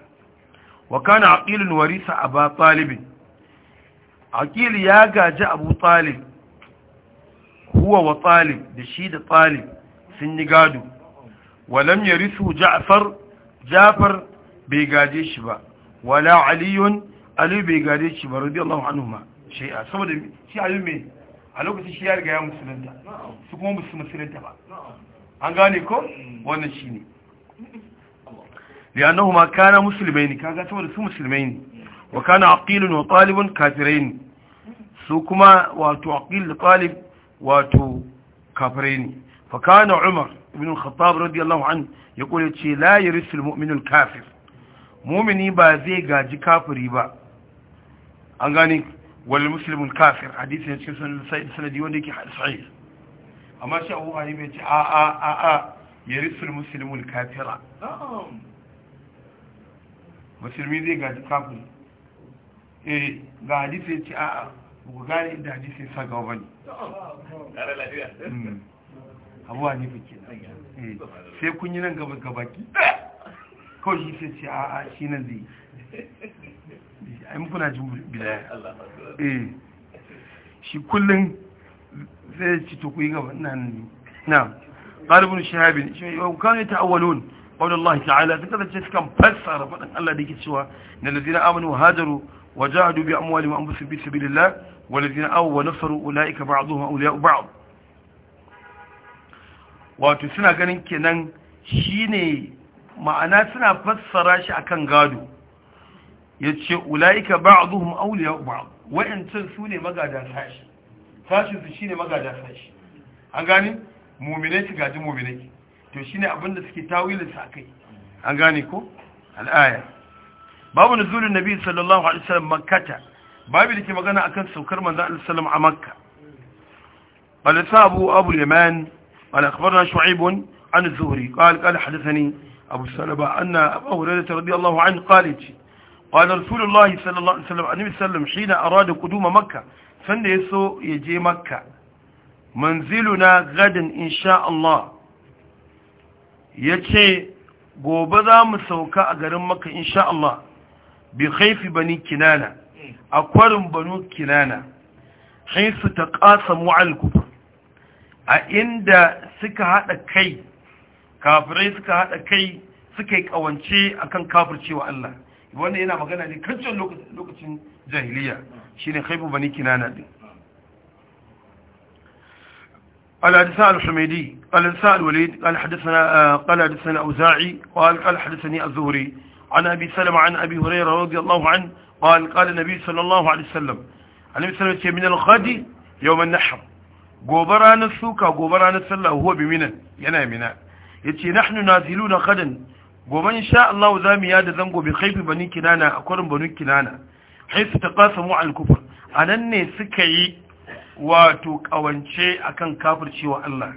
S1: wa kana aqilun warisa a ba talibin aqil ya gaji abu talib huwa wa talib da shi da talib sun yi gado walam yarisu ja'far ja'far bai gaje shi ba wala aliyun ali bai gaje shi ba radiyallahu anhuma shi'a saboda shi ali me a lokacin shi ya riga ya musulunta su kuma musu musulunta ba an gane ko wannan shine لأنهما كانا مسلمين كاغا تولد سو مسلمين وكان عقيل وطالب كافرين سو كما واتو عقيل طالب واتو كافرين فكان عمر بن الخطاب رضي الله عنه يقول لا يرث المؤمن الكافر mumini ba zai gaji kafiri ba an gane wal muslimun kafir hadisi ne cikin sanadi wanda yake sahih amma shi Abu Hanifa yace a a a a yarisul muslimul kafira zai gaji kafiri ga hadisi yace a a ku gane inda hadisi sa gaba bane abu a nufi eh, sai kun yi nan gaba gabaki kawai shi sai ce a shi nan zai a yi eh, jin bidaya eh, shi kullum zai ci to ku gaba nan na ƙarfin shahabin shi yau kan yi ta'awalon Allah ta'ala ta kasance sukan fassara faɗin Allah da ke cewa na lazina amanu hajaru wa jahadu bi amwali wa bi sabilillah wa lazina awu wa nasaru ulaika ba awliya'u ba'd wato suna ganin kenan shine ma'ana suna fassara shi akan gado yace ulaika ba'dhum awliya ba'd wa'antan su ne magada sashi sashi su shine magada sashi an gani mu'minai su gaji mu'minai to shine abinda suke tawilin sa kai an gane ko al-aya babu nuzulun nabi sallallahu alaihi wasallam makkata babu dake magana akan saukar manzo sallallahu alaihi wasallam a makka bal sabu abu yaman قال أخبرنا شعيب عن الزهري قال قال حدثني أبو السلبة أن أبو هريرة رضي الله عنه قالت قال رسول الله صلى الله عليه وسلم النبي صلى حين أراد قدوم مكة sanda ya so ya je makka manziluna gadin insha ya ce gobe za mu sauka a garin makka insha Allah bi haifi bani kinana a kwarin banu kinana su ta a inda suka haɗa kai kafirai suka haɗa kai suka yi ƙawance akan wa Allah wanda yana magana ne kancan lokacin jahiliya shine haifu bani kinana din قال حدثنا الحميدي قال حدثنا الوليد قال حدثنا قال حدثنا أوزاعي قال قال حدثني الزهري عن أبي سلمة عن أبي هريرة رضي الله عنه قال قال النبي صلى الله عليه وسلم عن النبي صلى الله gobe ranar suka gobe ranar sallah huwa bi minan yana mina yace nahnu naziluna gadan gobe insha Allah za mu yada zango bi khaifi bani kinana a kurin bani kinana haisu taqasamu al kufr anan ne suka yi wato kawance akan kafircewa Allah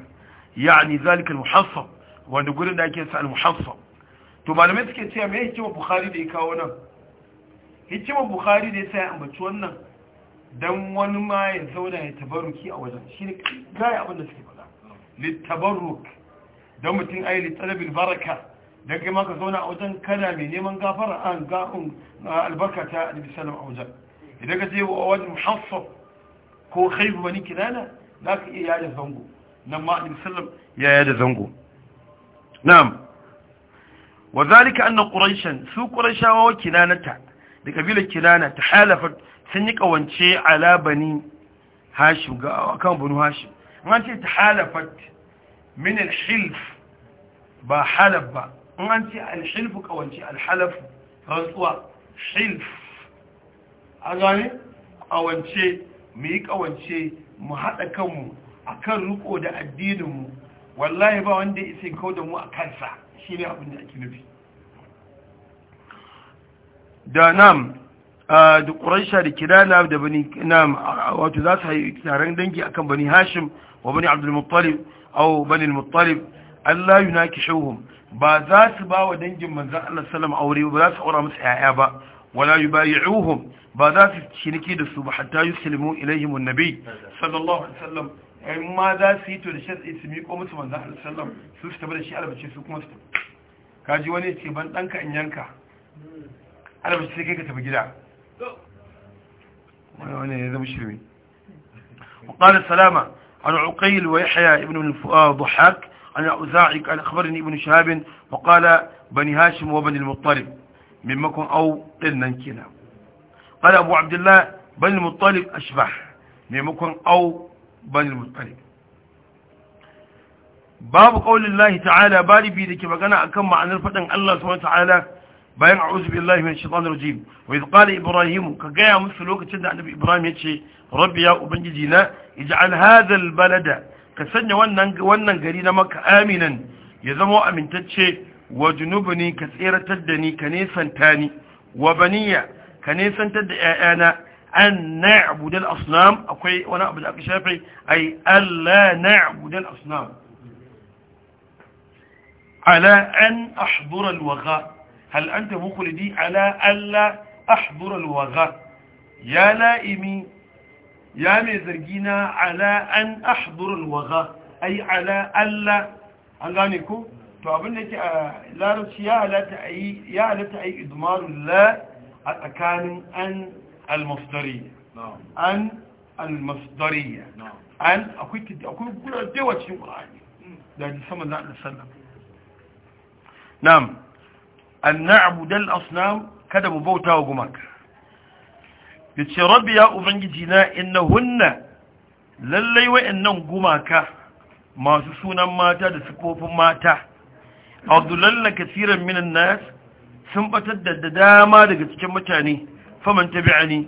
S1: yani zalika al muhassab wanda gurin da ake sa al muhassab to malamai suke cewa me yake Bukhari da ya kawo nan hikima Bukhari da ya sa ya ambaci wannan don wani ma ya zauna ya tabaruki a wajen shi ne gaya abinda suke faɗa littabaruk don mutum a yi littalabin baraka don kai maka zauna a wajen kana mai neman gafara an ga'un albarka ta alibisalam a wajen idan ka je wa wajen muhassab ko haifu wani kirana za ka iya yada zango nan ma alibisalam ya yada zango na'am wa zalika annan quraishan su qurayshawa kinanata da kabilar kinana ta halafat sun yi kawance ala bani hashim ga kan bani hashim an ce ta halafat min al-hilf ba halaf ba an ce al-hilf kawance al-halaf rantsuwa hilf a gane kawance mu yi kawance mu haɗa kanmu a kan riko da addininmu wallahi ba wanda ya isa da mu a kansa shi ne abin da ake nufi da nam da ƙuraisha da kirana da bani nam wato za su haifi taron dangi akan bani hashim wa bani abdul muttalib aw bani muttalib Allah yunakishuhum ba za su ba wa dangin manzan Allah sallam aure ba za su aura musu yaya ba wala yubayi'uhum ba za su ciniki da su ba hatta yuslimu ilaihim annabi sallallahu alaihi wasallam in ma za su yi to da shar'i su miƙo musu manzan Allah sallam su su da shi albace su kuma su kaji wani ce ban danka in yanka albace sai kai ka tafi gida wannan ya zama shirme وقال سلامة عن عقيل ويحيى ابن ضحاك عن أوزاعي قال أخبرني ابن شهاب وقال بني هاشم وبني المطلب ممكن أو قلنا كنا قال أبو عبد الله بني المطلب أشبح ممكن أو بني المطلب باب قول الله تعالى بالي بيدك مغانا أكم معنى الفتن الله سبحانه وتعالى bayan a'udhu billahi minash shaitanir rajim wa idh qala ibrahim ka gaya musu lokacin da annabi ibrahim yace rabbi ya ubangiji na ij'al hadha albalada ka sanya wannan wannan gari na makka aminan ya zama amintacce wa junubni ka tseratar da ni ka nesanta ni wa baniya ka nesantar da ƴaƴana an na'budu al-asnam akwai wani abu da aka shafe ai alla na'budu al-asnam ala an ahdura al-waqa hal anta mukhlidi ala alla ahdura alwagha ya la'imi ya mai zargina ala an ahdura alwagha ai ala alla an gane ko to abin da yake a larabci ya halatta ayi ya halatta ayi idmarul la a tsakanin an almasdariya an an akwai akwai gurar sama an na'budal asnam kada mu bauta wa gumaka yace rabbi ya ubangiji na hunna lallai wa'annan gumaka masu sunan mata da sifofin mata abdullalla kasiran minan nas sun batar da dama daga cikin mutane faman tabi'ani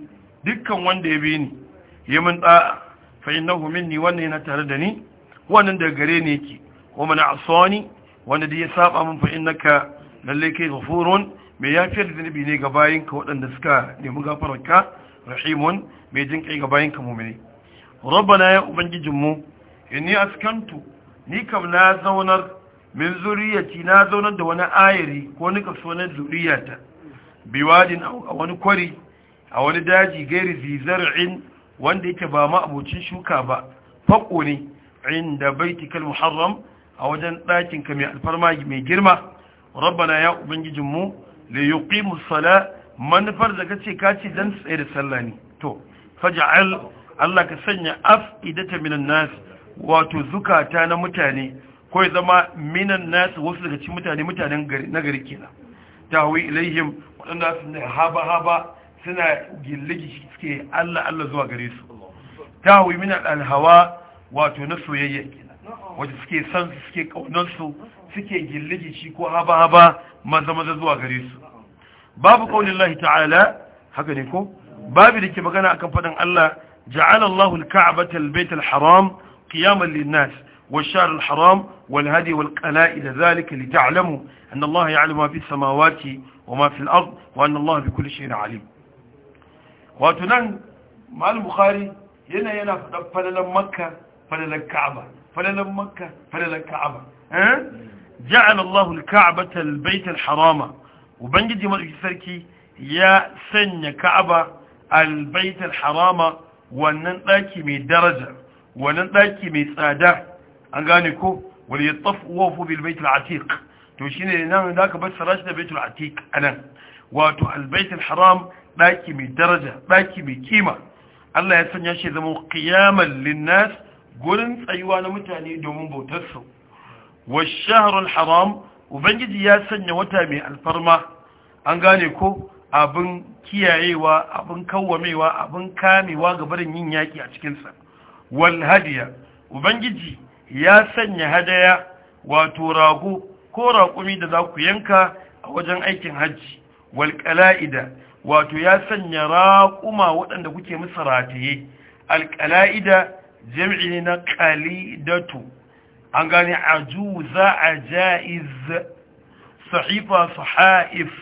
S1: dukkan wanda ya bi ya min da'a fa innahu minni wannan yana tare da ni wannan daga gare ni yake wa a tsawani wanda da ya saba min fa ka. lalle kai ghafurun mai yafiyar zunubi ne ga bayinka waɗanda suka nemi gafararka rahimun mai jin kai ga bayinka mu'mini rabbana ya ubangijinmu inni askantu ni kam na zaunar min zuriyati na zaunar da wani ayari ko ni so na zuriyata biwadin a wani kwari a wani daji gairi zizar'in wanda yake ba ma abocin shuka ba fako ne inda baitikal muharram a wajen ɗakinka mai alfarma mai girma rabbana ya ubangijin mu ya yuqimu sala manufar da kace kace dan tsaye da sallah ne to faj'al Allah ka sanya af'idata minan nas wato zukata na mutane ko ya zama minan nas wasu daga cikin mutane mutanen na gari kenan hawi ilaihim wadanda su haba haba suna gilligi suke Allah Allah zuwa gare su ta hawi minan alhawa wato na soyayya kenan wanda suke san su suke kaunar su suke gilligishi ko haba-haba maza-maza zuwa gare su babu kaunin ta'ala haka ne ko babu da ke magana akan faɗin Allah ja'alallahu al-ka'bata al-bayt al-haram qiyaman lin-nas والشعر الحرام والهدي والقلائد ذلك لتعلموا أن الله يعلم ما في السماوات وما في الأرض وأن الله ja'ala Allahu al-ka'bata al-bayt al-harama ubangiji madauki sarki ya sanya ka'aba al-bayt al-harama wannan daki mai daraja wannan daki mai tsada an gane ko wal yatafu bil bayt al-atiq to shine nan da ka fassara shi da bayt al-atiq anan wato al-bayt al-haram daki mai daraja daki mai kima Allah ya sanya shi zama qiyaman lin-nas gurin tsayuwa na mutane domin bautar su wa shahrul haram ubangiji ya sanya wata mai alfarma an gane ko abin kiyayewa abin kawwamewa abin kamewa ga barin yin yaƙi a cikinsa wal hadiya ubangiji ya sanya hadaya wato rago ko raƙumi da za ku yanka a wajen aikin hajji wal qala'ida wato ya sanya raƙuma waɗanda kuke musu rataye al qala'ida jam'i ne na qalidatu an gane ajuza ja'iz sahifa sahaif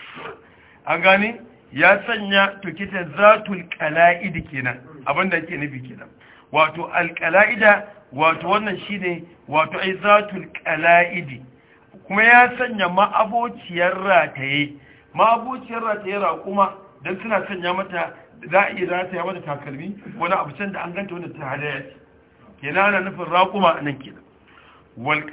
S1: an gani ya sanya tukita zatul qala'id kenan abinda ke nufi kenan wato alƙala'ida wato wannan shine wato ai zatul qala'id kuma ya sanya ma'abociyar rataye ma'abociyar rataye ra kuma dan suna sanya mata za a iya rataya mata takalmi wani abu can da an ganta wanda ta hadaya kenan ana nufin raƙuma nan kenan wal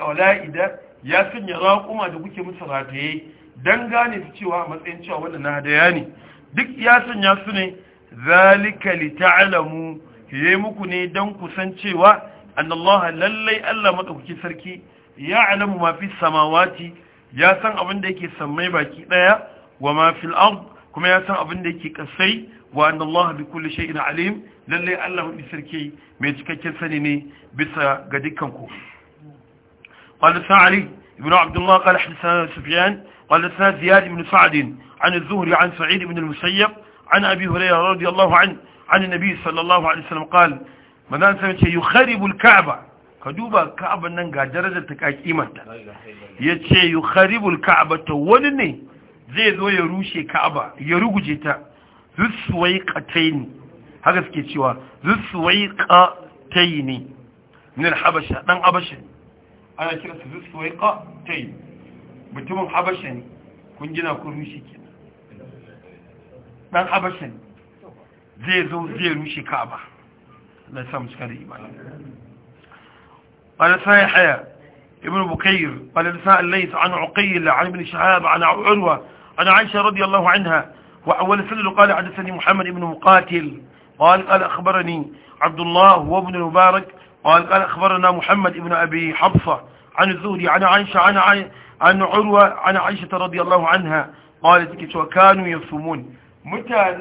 S1: da ya sanya raƙuma da kuke musu rataye dan gane su cewa a matsayin cewa wanda na hadaya ne duk ya sanya su ne zalika li ta'lamu yayi muku ne dan ku san cewa annallaha lallai Allah madaukaki sarki ya alamu ma fi samawati ya san abin da yake samai baki ɗaya wa ma fil kuma ya san abin da yake kasai wa annallaha bi kulli shay'in alim lallai Allah sarki mai cikakken sani ne bisa ga dukkan ku قال Ali علي بن عبد الله قال حدثنا سفيان قال حدثنا زياد بن سعد عن الزهري عن سعيد بن المسيب عن أبي هريرة رضي الله عنه عن النبي صلى الله عليه وسلم قال manzan sami ce yukharibul ka'aba ka duba nan ga da ta kakimanta ya ce yukharibul ka'aba ta wani ne zai zo ya rushe ka'aba ya ruguje ta zusuwai kataini haka suke cewa zusuwai kataini ana kira su suwaiqa tayyib mutumin habasha ne kun gina مشي rushe kenan حبشني habasha ne zai zo zai rushe ka'aba Allah ya samu cika da imani ابن بكير قال لساء الليث عن عقيل عن ابن شهاب عن عروة عن عائشة رضي الله عنها وأول سنة قال حدثني محمد ابن مقاتل قال قال أخبرني عبد الله وابن المبارك قال قال أخبرنا محمد بن أبي حفصة عن الزهري عن عائشة عن عن عروة عن عائشة رضي الله عنها قالت وكانوا يصومون متى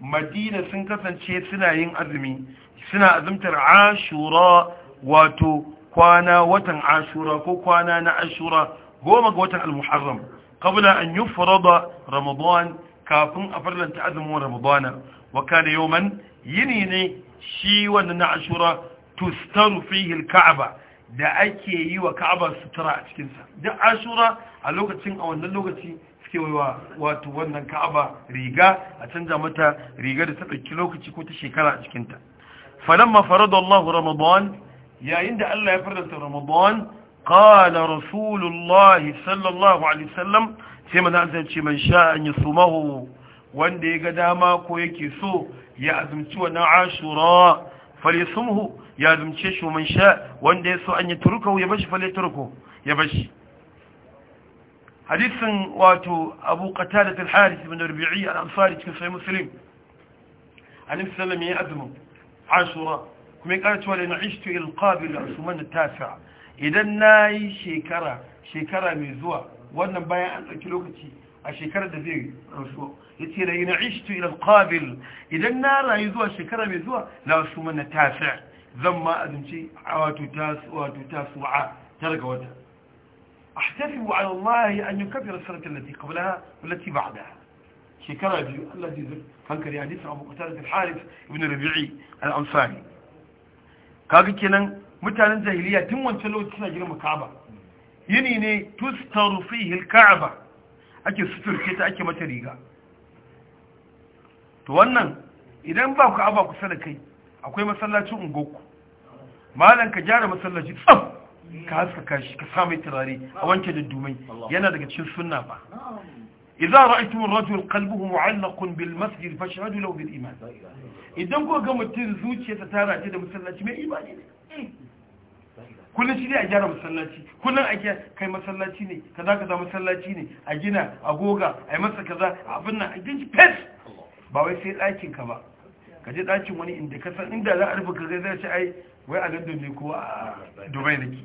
S1: madina sun kasance suna yin azumi suna azumtar ashura wato kwana watan ashura ko kwana na ashura goma ga watan al-muharram qabla an yufrada ramadan kafin a farlanta azumin ramadan wa kana yawman yini ne shi wannan na ashura tustaru fihi kaaba da ake yi wa ka'aba sutura a cikinsa duk ashura a lokacin a wannan lokaci suke wa wato wannan ka'aba riga a canza mata riga da ta ɗauki lokaci ko ta shekara a cikinta falamma farada Allah Ramadan yayin da Allah ya faranta Ramadan qala Rasulullah sallallahu alaihi sallam sai manzo Allah ce man sha an sumahu, wanda ya ga dama ko yake so ya azumci wannan ashura falyasumhu ya dumce shi man sha wanda yaso an yi turko ya bashi falyatruku ya bashi hadisin wato Abu Qatada al-Harith ibn Rabi'i al-Ansari cikin sahih Muslim annabi sallallahu alaihi wasallam ya Ashura kuma ya karanta wala na'ishtu ila qabil Usman at-tasi' idan nayi shekara shekara mai zuwa wannan bayan an dauki lokaci a shekarar da zai rasu ya ce da yana ishtu ilal qabil idan na rayu zuwa shekara mai zuwa la su mana tafi zan ma azumci a wato tasu'a ta daga wata احتفظ على الله أن يكفر السنة التي قبلها والتي بعدها شكرا بيو الله جزر فانكر يحديث أبو da الحارث ابن ربيعي الأنصاري kaga kenan mutanen jahiliya tun wancan lokacin suna girma Ka'aba yini ne tustaru fihi kaaba ake suturke ta ake mata riga to wannan idan ba ku aba kusa da kai akwai masallacin ungoku malan ka gyara masallaci tsaf ka haska kashi ka samu turare a wanke daddumai yana daga cikin sunna ba idan ra'aytum ar-rajul qalbuhu mu'allaqun bil masjid fashhadu lahu bil iman idan ku ga mutum zuciyarsa ta race da masallaci mai imani ne kullum shi ne a gyara masallaci kullum a gyara kai masallaci ne ka ka za masallaci ne a gina a goga a yi masa kaza abin nan a ginci fes ba wai sai ɗakin ka ba ka je ɗakin wani inda ka san inda za a rufe ka zai zai ai wai a gandun ne ko a dubai na ke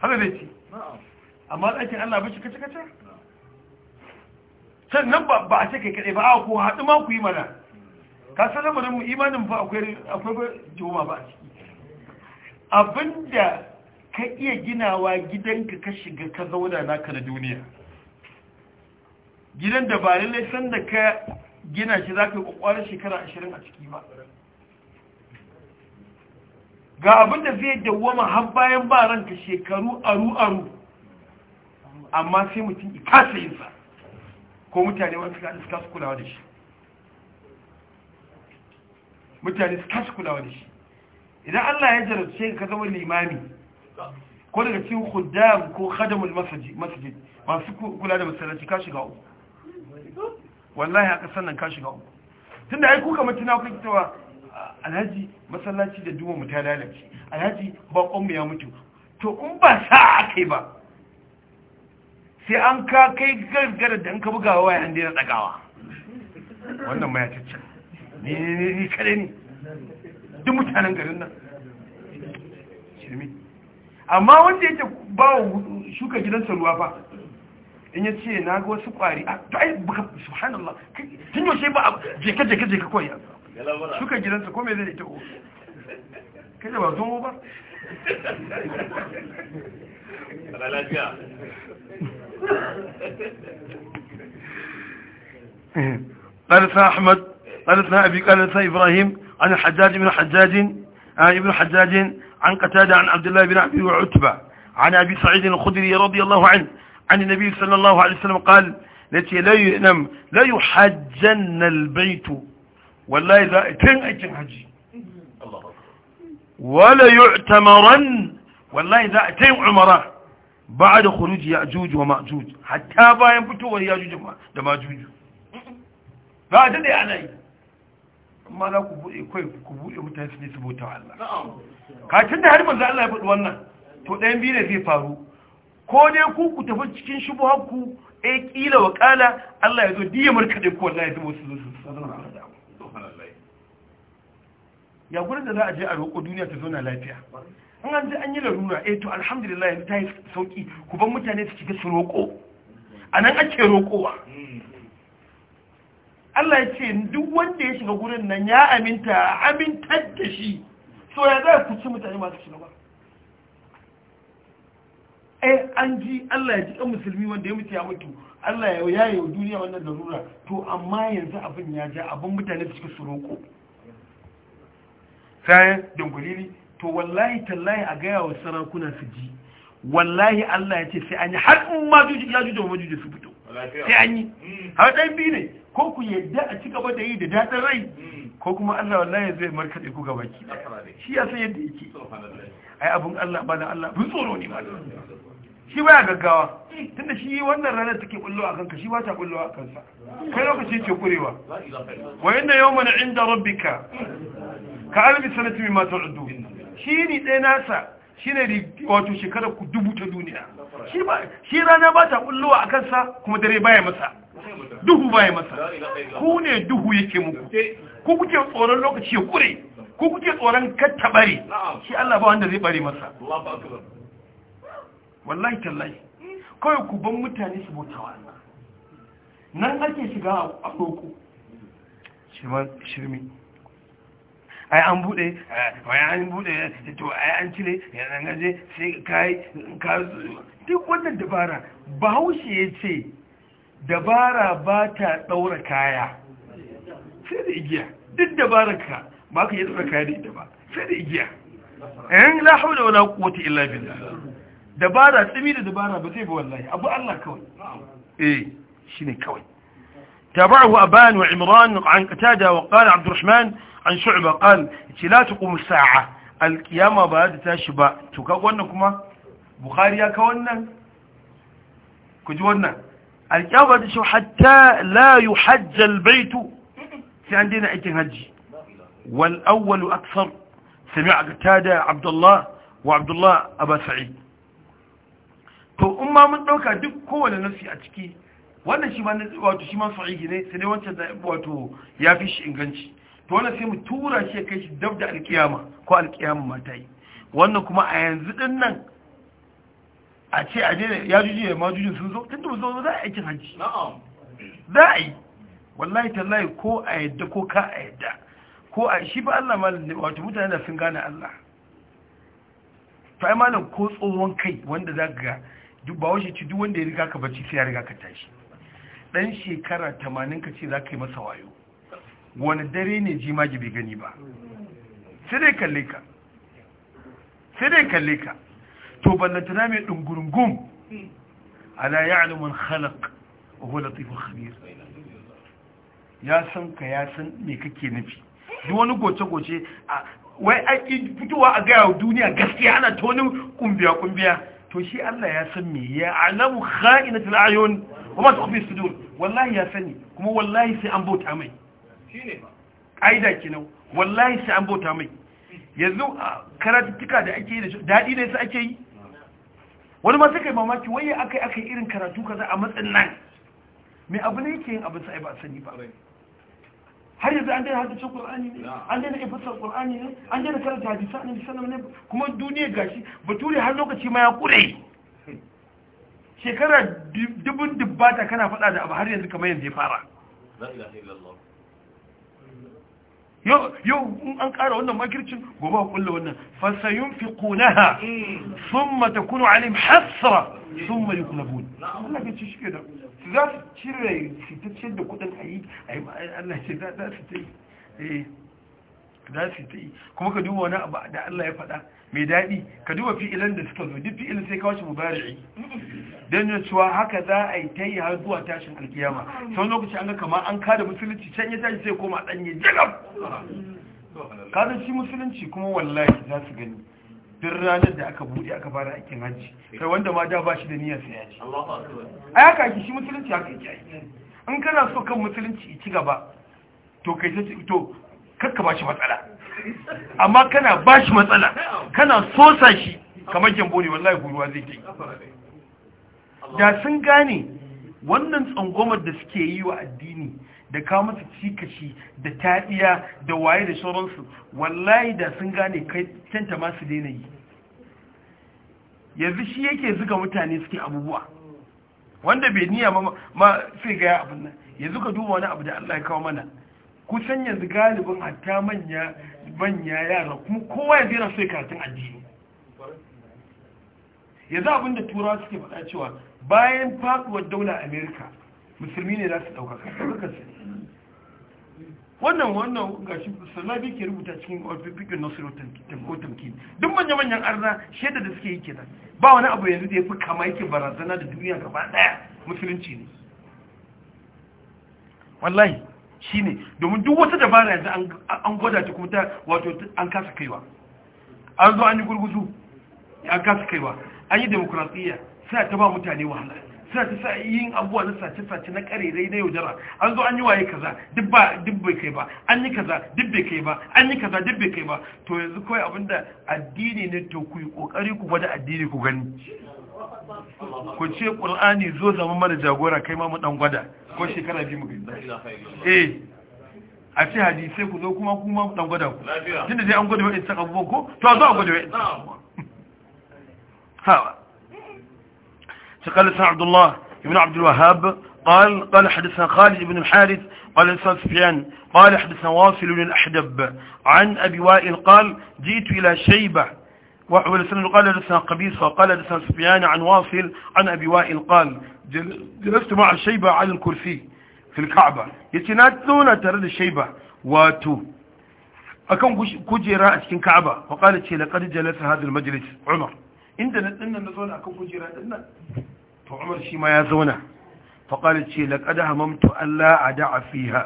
S1: haka zai ci amma ɗakin allah bashi shi kace kace sannan ba a ce kai kaɗai ba a ko haɗu ma ku yi mana ka san lamarin mu imanin ba akwai ba juma ba a ciki abinda ka iya ginawa gidanka ka shiga ka zauna naka na duniya gidan da ba lallai san da ka gina shi za ka yi kwakwarar shekara ashirin a ciki ba ga abin da zai dawwama har bayan ba ranka shekaru aru-aru amma sai mutum ikasa yinsa ko mutane wani suka suka su kulawa da shi mutane suka su kulawa da shi idan Allah ya jarabce ka zama limami ko daga cikin khuddam ko khadamul masjid masu kula da masallaci ka shiga uku wallahi aka sannan ka shiga uku tunda ai kuka na kuka cewa alhaji masallaci da duwa mu ta lalace alhaji bakon mu ya mutu to in ba sa akai ba sai an ka kai gargara da an ka bugawa waya an daina tsagawa wannan ma ya cicci ni ni ni kare ni duk mutanen garin nan shirmi amma wanda yake ba wa shuka gidansa ruwa fa in yace na ga wasu kwari a ta yi buka subhanallah tun yaushe ba jeka jeka jeka kawai ya shuka gidansa ko mai zai ita o kada ba zo ba قال سنا أحمد قال سنا أبي قال سنا إبراهيم عن الحجاج من الحجاج عن آه، ابن حجاج عن قتادة عن عبد الله بن عبد وعتبة عن أبي سعيد الخدري رضي الله عنه عن النبي صلى الله عليه وسلم قال التي لا ينم لا يحجن البيت والله لا تن أي تن حجي ولا يعتمرن والله لا تن عمراء بعد خروج يأجوج ومأجوج حتى باين بتوه يأجوج ومأجوج بعد ذلك عليه ma za ku buɗe kai ku buɗe mutane su ne su bauta Allah kacin da har manzo Allah ya faɗi wannan to ɗayan biyu ne zai faru ko dai ku ku tafi cikin shubuhan ku eh kila wa kala Allah ya zo diya markade ku ya zama su zo su ya gudun da za a je a roƙo duniya ta na lafiya an an ji an yi larura eh to alhamdulillah yanzu ta yi sauki ku ban mutane su cika su roƙo a nan ake roƙowa Allah ya ce duk wanda ya shiga gurin nan ya aminta amintar da shi so ya zai kuci mutane masu shiga ba eh an ji Allah ya ji ɗan musulmi wanda ya mutu ya mutu Allah ya yaye wa duniya wannan larura to amma yanzu abin ya ja abin mutane su suka su roƙo sai dangulili to wallahi tallahi a gaya wa sarakuna su ji wallahi Allah ya ce sai an yi har in ma juji ya juji wa majuji su fito sai an yi hmm. har ɗan biyu ne ko ku yadda a ci gaba da yi da daɗin rai hmm. ko kuma Allah wallahi zai markaɗe ku gaba ki shi ya san yadda yake ai abun Allah ba da Allah bin tsoro ne ba shi baya gaggawa tunda shi wannan ranar take kullu akan ka shi ba ta kullu akan sa kai lokaci ce kurewa wa inna yawman inda rabbika ka albi sanati mimma ta'uddu shi ne ɗaya nasa shi ne wato shekara ku dubu ta duniya shi rana ba ta kullowa a kansa kuma dare baya masa duhu baya masa ku ne duhu yake muku ku kuke tsoron lokaci ya kure ku kuke tsoron katta bare shi Allah ba wanda zai bare masa wallahi tallahi kawai ku ban mutane su bautawa nan ake shiga a roƙo shirmi ai an bude ai an bude to ai an cire yana gaje sai kai ka duk wannan dabara bahaushe ya ce dabara ba ta daura kaya sai da igiya duk dabararka ba ka yi daura kaya da ita ba sai da igiya yan la hawla wala quwwata illa billah dabara tsimi da dabara ba zai ba wallahi abu Allah kawai eh shine kawai تابعه أبان وعمران عن قتادة وقال عبد الرحمن an shu'ba qal ce la tuqum sa'a alqiyama ba da tashi ba to ka wannan kuma bukhari ya ka wannan ku ji wannan alqiyama da shi hatta la yuhajja albayt sai an dena aikin haji wal awwal akthar sami'a qatada abdullah wa abdullah aba sa'id to in ma mun dauka duk kowane nasi a ciki wannan shi ma wato shi ma sahihi ne sai dai wancan da wato ya fi shi inganci dole wannan sai mu tura shi kai shi dab da alkiyama ko alkiyama ma ta yi wannan kuma a yanzu din nan a ce a je ya juji ya majujin sun zo tun da zo za a yi aikin hajji za a yi wallahi tallahi ko a yadda ko ka a yadda ko a shi ba Allah malam ne wato mutane da sun gane Allah to ai malam ko tsohon kai wanda za ga duk ba wace ci duk wanda ya riga ka bacci sai ya riga ka tashi dan shekara 80 ka ce za ka yi masa wayo wani dare ne jimagi bai gani ba sai dai kalle ka sai dai kalle ka to ballantana mai dungurungum ala ya'lamun khalaq wa huwa latiful khabir ya san ka ya san me kake nufi duk wani goce-goce a wai aiki fitowa a gaya wa duniya gaskiya ana ta wani kumbiya-kumbiya to shi Allah ya san me ya alamu kha'inatul ayun wa ma tukhfi sudur wallahi ya sani kuma wallahi sai an bauta mai ƙa'ida kenan wallahi sai an bauta mai yanzu karatuttuka da ake yi da daɗi ne su ake yi wani ma suka yi mamaki waye aka yi irin karatu kaza a matsin nan me abu ne yake yin abin sai ba a sani ba har yanzu an daina haddace qur'ani ne an daina ifasar qur'ani ne an daina karanta hadisi annabi sallallahu alaihi kuma duniya gashi bature har lokaci ma ya kure shekara dubun dubbata kana faɗa da abu har yanzu kamar yanzu ya fara la ilaha illallah yau an ƙara wannan makircin gobe a kulle wannan fasayun fi ƙunaha sun mm. mata kunu alim hasra sun mari kuna buni Allah ka shi da za su cire fitaccen da kudin a yi Allah ce za su ta yi eh, za su ta yi kuma ka duba wani abu da Allah ya faɗa mai daɗi ka duba fi'ilan da suka zo duk fi'ilin sai kawo shi mubari'i don yana cewa haka za a yi ta yi har zuwa tashin alkiyama sau lokaci an ga kama an kada musulunci can ya tashi sai koma ɗanye jagab kada shi musulunci kuma wallahi za su gani duk ranar da aka buɗe aka fara aikin hajji sai wanda ma da ba shi da niyyar sai yaji ci a haka shi musulunci haka yake aiki in kana so kan musulunci ci gaba to kai to kakka ba shi matsala amma kana ba shi matsala kana sosa shi kamar gyambo wallahi guruwa zai ta yi da sun gane wannan tsangomar da suke yi wa addini da kawo masa cikashi da taɗiya da waye da sauransu wallahi da sun gane kai canta masu daina yi yanzu shi yake zuga mutane suke abubuwa wanda bai niya ma sai gaya abin nan yanzu ka duba wani abu da Allah ya kawo mana kusan yanzu galibin hatta manya manya yara kuma kowa ya zira sai karatun addini yanzu abin da turawa suke faɗa cewa bayan faɗuwar daular amerika musulmi ne za su ɗaukaka ɗaukakarsu wannan wannan gashi salabi ke rubuta cikin olympic nasiru ko tamkin duk manya-manyan arna shaida da suke yi kenan ba wani abu yanzu da ya fi kama yake barazana da duniya gaba ɗaya musulunci ne wallahi shine domin duk wata dabara yanzu an gwada ta kuma ta wato an kasa kaiwa an zo an yi gurguzu an kasa kaiwa an yi demokrasiyya sai ta ba mutane wahala suna ta yin abuwa na sace-sace na karerai na yaudara an zo an yi waye kaza duk bai kai ba an yi kaza duk bai kai ba an yi kaza duk bai kai ba to yanzu kawai abinda addini ne to ku yi kokari ku gwada addini ku gani ku ce ƙur'ani zo zama mana jagora kai ma mu dan gwada ko shekara biyu mu gani eh a ce sai ku zo kuma kuma mu dan gwada ku tunda dai an gwada wa'in abubuwan ko to a zo a gwada wa'in sawa قال لسان عبد الله بن عبد الوهاب قال قال حدثنا خالد بن الحارث قال لسان سفيان قال حدثنا واصل بن الأحدب عن أبي وائل قال جئت إلى شيبة ولسان قال لسان قبيصة قال لسان سفيان عن واصل عن أبي وائل قال جلست مع شيبة على الكرسي في الكعبة يتناتون ترد شيبة واتو أكون كجيرا اشكن كعبة وقالت لقد جلس هذا المجلس عمر inda na dinnan na zauna akan kujera dinnan to Umar shi ma ya zauna fa qala chi laqad hamamtu alla ada'a fiha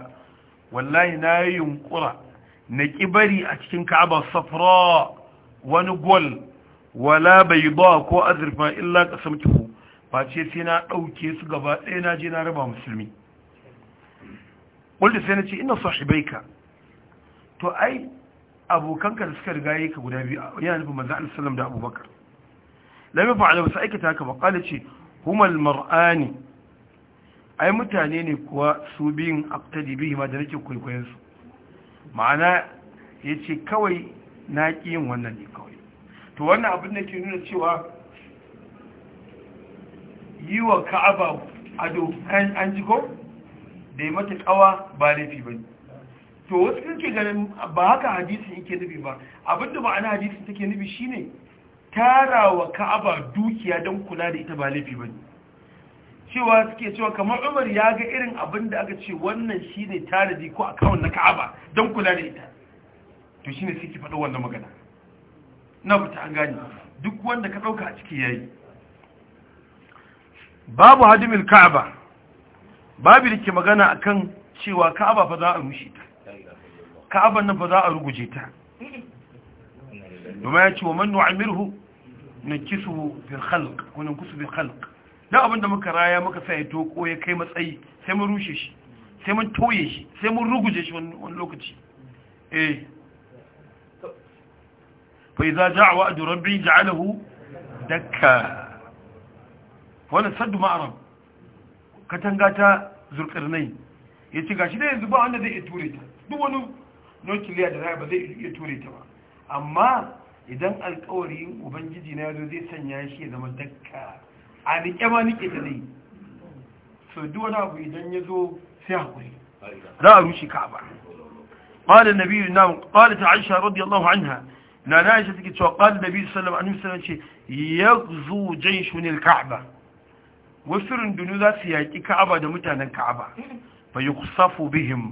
S1: wallahi na yunkura na kibari a cikin Ka'aba safra wani gol wala bayda ko azrfa illa qasamtuhu ce sai na dauke su gaba ɗaya na je na raba musulmi kullu sai na ce inna sahibaika to ai abokanka da suka riga yi ka guda biyu yana nufin manzo Allah sallallahu alaihi wasallam da Abubakar lam yaf'alu ba su aikata haka ba qala ce humal mar'ani ai mutane ne kuwa su biyun aqtadi bihi ma da nake kwaikwayon su ma'ana yace kawai na ki yin wannan ne kawai to wannan abin da ke nuna cewa yi wa ka'aba ado an ji ko da yi mata kawa ba laifi ba to wasu kan ke ganin ba haka hadisi yake nufi ba Abin da ma'ana hadisi take nufi shine tara wa ka'aba dukiya don kula da ita ba laifi ba ne cewa suke cewa kamar umar ya ga irin abin da aka ce wannan shi ne tarihi ko akawun na ka'aba don kula da ita to shi ne suke faɗo wannan magana na fita an gani duk wanda ka ɗauka a ciki ya yi. babu hadimin ka'aba babu da ke magana akan cewa ka'aba fa za a rushe ta ka'aban nan fa za a ruguje ta domin ya ce wa man nu'amirhu nakisu bil khalq ko kusu bil khalq da abin da muka raya muka sai to ko ya kai matsayi sai mun rushe shi sai mun toye shi sai mun ruguje shi wani lokaci eh fa idza ja'a wa'du rabbi ja'alahu dakka wannan saddu ma'aram katanga ta zurkarnai yace gashi da yanzu ba wanda zai iya ture ta duk wani nukiliya da zai ba zai iya ture ta ba amma idan alkawarin ubangiji na yazo zai sanya shi ya zama dakka a rike ma nike da zai so duk wani abu idan ya zo sai hakuri za a rushe ka'aba قال النبي نعم قالت عائشة رضي الله عنها نانا عائشة تكتشو قال النبي صلى الله عليه وسلم يغزو جيش من الكعبة وفرن دنوذا سيأتي كعبة دمتانا كعبة فيقصف بهم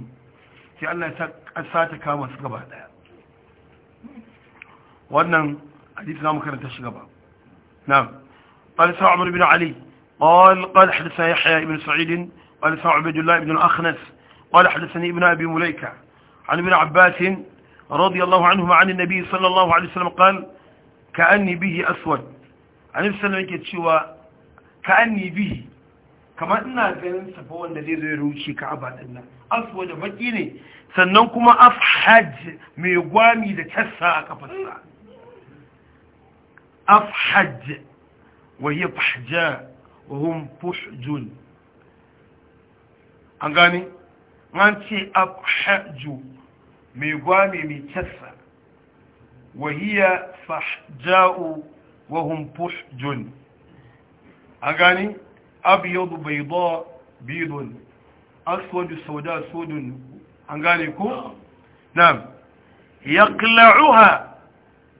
S1: sai Allah ya sa ta kama su gaba ɗaya wannan hadith zamu karanta shi gaba na'am qala sa'ubud ibn ali qala qala hadatha yahya ibn sa'id qala sa'ubud allah ibn al-akhnas qala hadathani ibn abi mulayka an ibn abbas radiyallahu anhu ma'a an-nabi sallallahu alayhi wasallam qala ka'anni bihi aswad an ibn sallam yake cewa ka'anni bihi kamar ina ganin safa wanda zai zai ruci ka'aba din nan aswad baki ne sannan kuma afhaj mai gwami da tassa a kafarsa أفحج وهي بحجاء وهم فحجون أنغاني أنتي أفحج ميغامي ميتسا وهي فحجاء وهم فحجون أنغاني أبيض بيضاء بيض أسود سوداء سود أنغاني كو نعم, نعم. يقلعها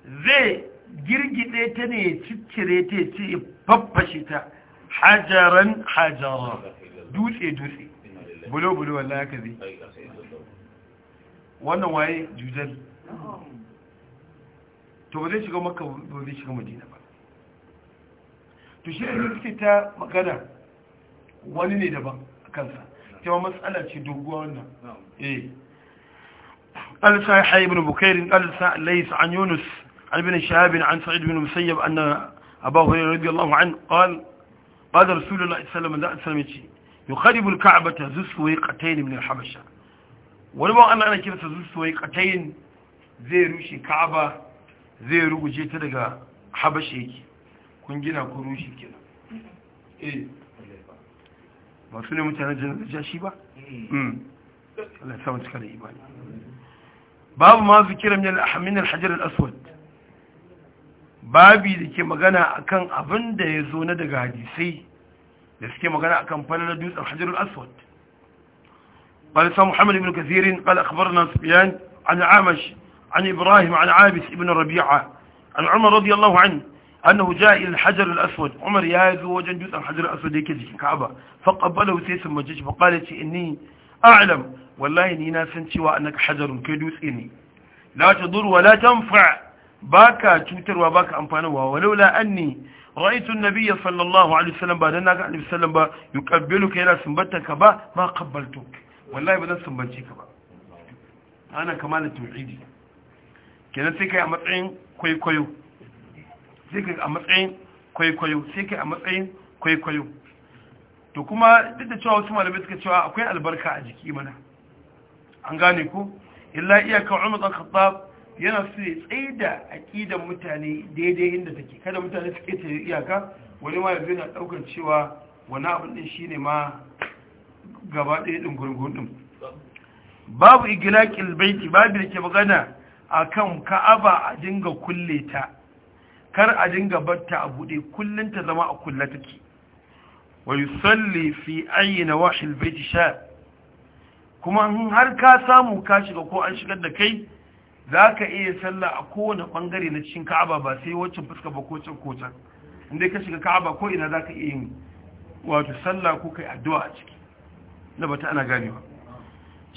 S1: ذي girgide ta ne ya ciccire ta ce ya faffashe ta hajaran hajara dutse dutse bulo bulo wallah haka zai wannan waye jujal to ba zai shiga maka ba zai shiga madina ba to shi ne ta magana wani ne daban kansa cewa matsala ce doguwa wannan eh al-sahih ibn bukairin al-sa'lays an yunus عن ابن شهاب عن سعيد بن مسيب أن أبا هريرة رضي الله عنه قال قال رسول الله صلى الله عليه وسلم يخرب الكعبة ذو السويقتين من الحبشة ولما أنا أنا كرت ذو السويقتين zai rushe ka'aba zai ruguje ta daga habashe yake kun gina ku rushe kenan ba su ne mutanen janaja shi ba babu ma zikira min al-ahmin al aswad babi da ke magana akan abin da ya zo na daga hadisai da ke magana akan falon na dutsen hajjarul aswad ɓar samu hamadu bin kazirin ɓar akabar na sufiyan an amash an ibrahim an abis ibn rabi'a an umar radiyallahu an an huja il hajjarul aswad umar ya zo wajen dutsen hajjarul aswad yake jikin ka'aba faƙabbala wuce sun maje shi faƙala ce inni ni a'alam wallahi ni na san cewa annaka hajjarun kai dutse ne la ta duru wa baka cutarwa baka amfanarwa walaula anni ra'aytu an-nabiyya sallallahu alaihi wasallam ba dan naga annabi sallam ba yuqabbiluka yana ka ba ma qabbaltuk wallahi ba zan sumbance ka ba ana kamala tauhidi kenan sai kai a matsayin kwaikwayo sai kai a matsayin kwaikwayo sai kai a matsayin kwaikwayo to kuma duk da cewa wasu malamai suka cewa akwai albarka a jiki mana an gane ko illa iyaka umar khattab yana su ne tsaye da aƙidan mutane daidai inda take kada mutane su keta iyaka wani ma yanzu yana ɗaukar cewa wani abin ɗin shi ne ma gaba ɗaya ɗin gurgun ɗin babu Igila baiti babu da ke magana a kan ka'aba a dinga kulle ta kar a dinga batta a buɗe kullum ta zama a ta take wani salli fi ayyana wahil baiti sha kuma har ka samu ka shiga ko an shigar da kai za ka iya sallah a kowane ɓangare na cikin ka'aba ba sai waccan fuska ba ko can kocan inda ka shiga ka'aba ko ina za ka iya yin wato sallah ko kai addu'a a ciki na bata ana ganewa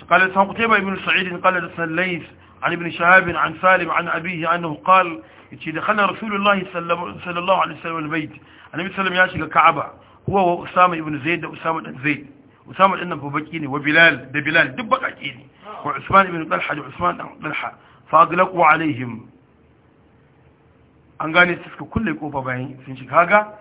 S1: قال سان قتيبة بن سعيد قال حدثنا الليث عن ابن شهاب عن سالم عن أبيه أنه an دخل رسول الله صلى da عليه وسلم البيت النبي صلى الله عليه وسلم يا كعبة هو وأسامة بن زيد وأسامة بن زيد Usama ɗin nan babaki ne wa Bilal da Bilal duk baƙaƙe ne wa Usman ibn Talha da Usman ɗan Talha fa alaihim an gane suka kulle kofa bayan sun shiga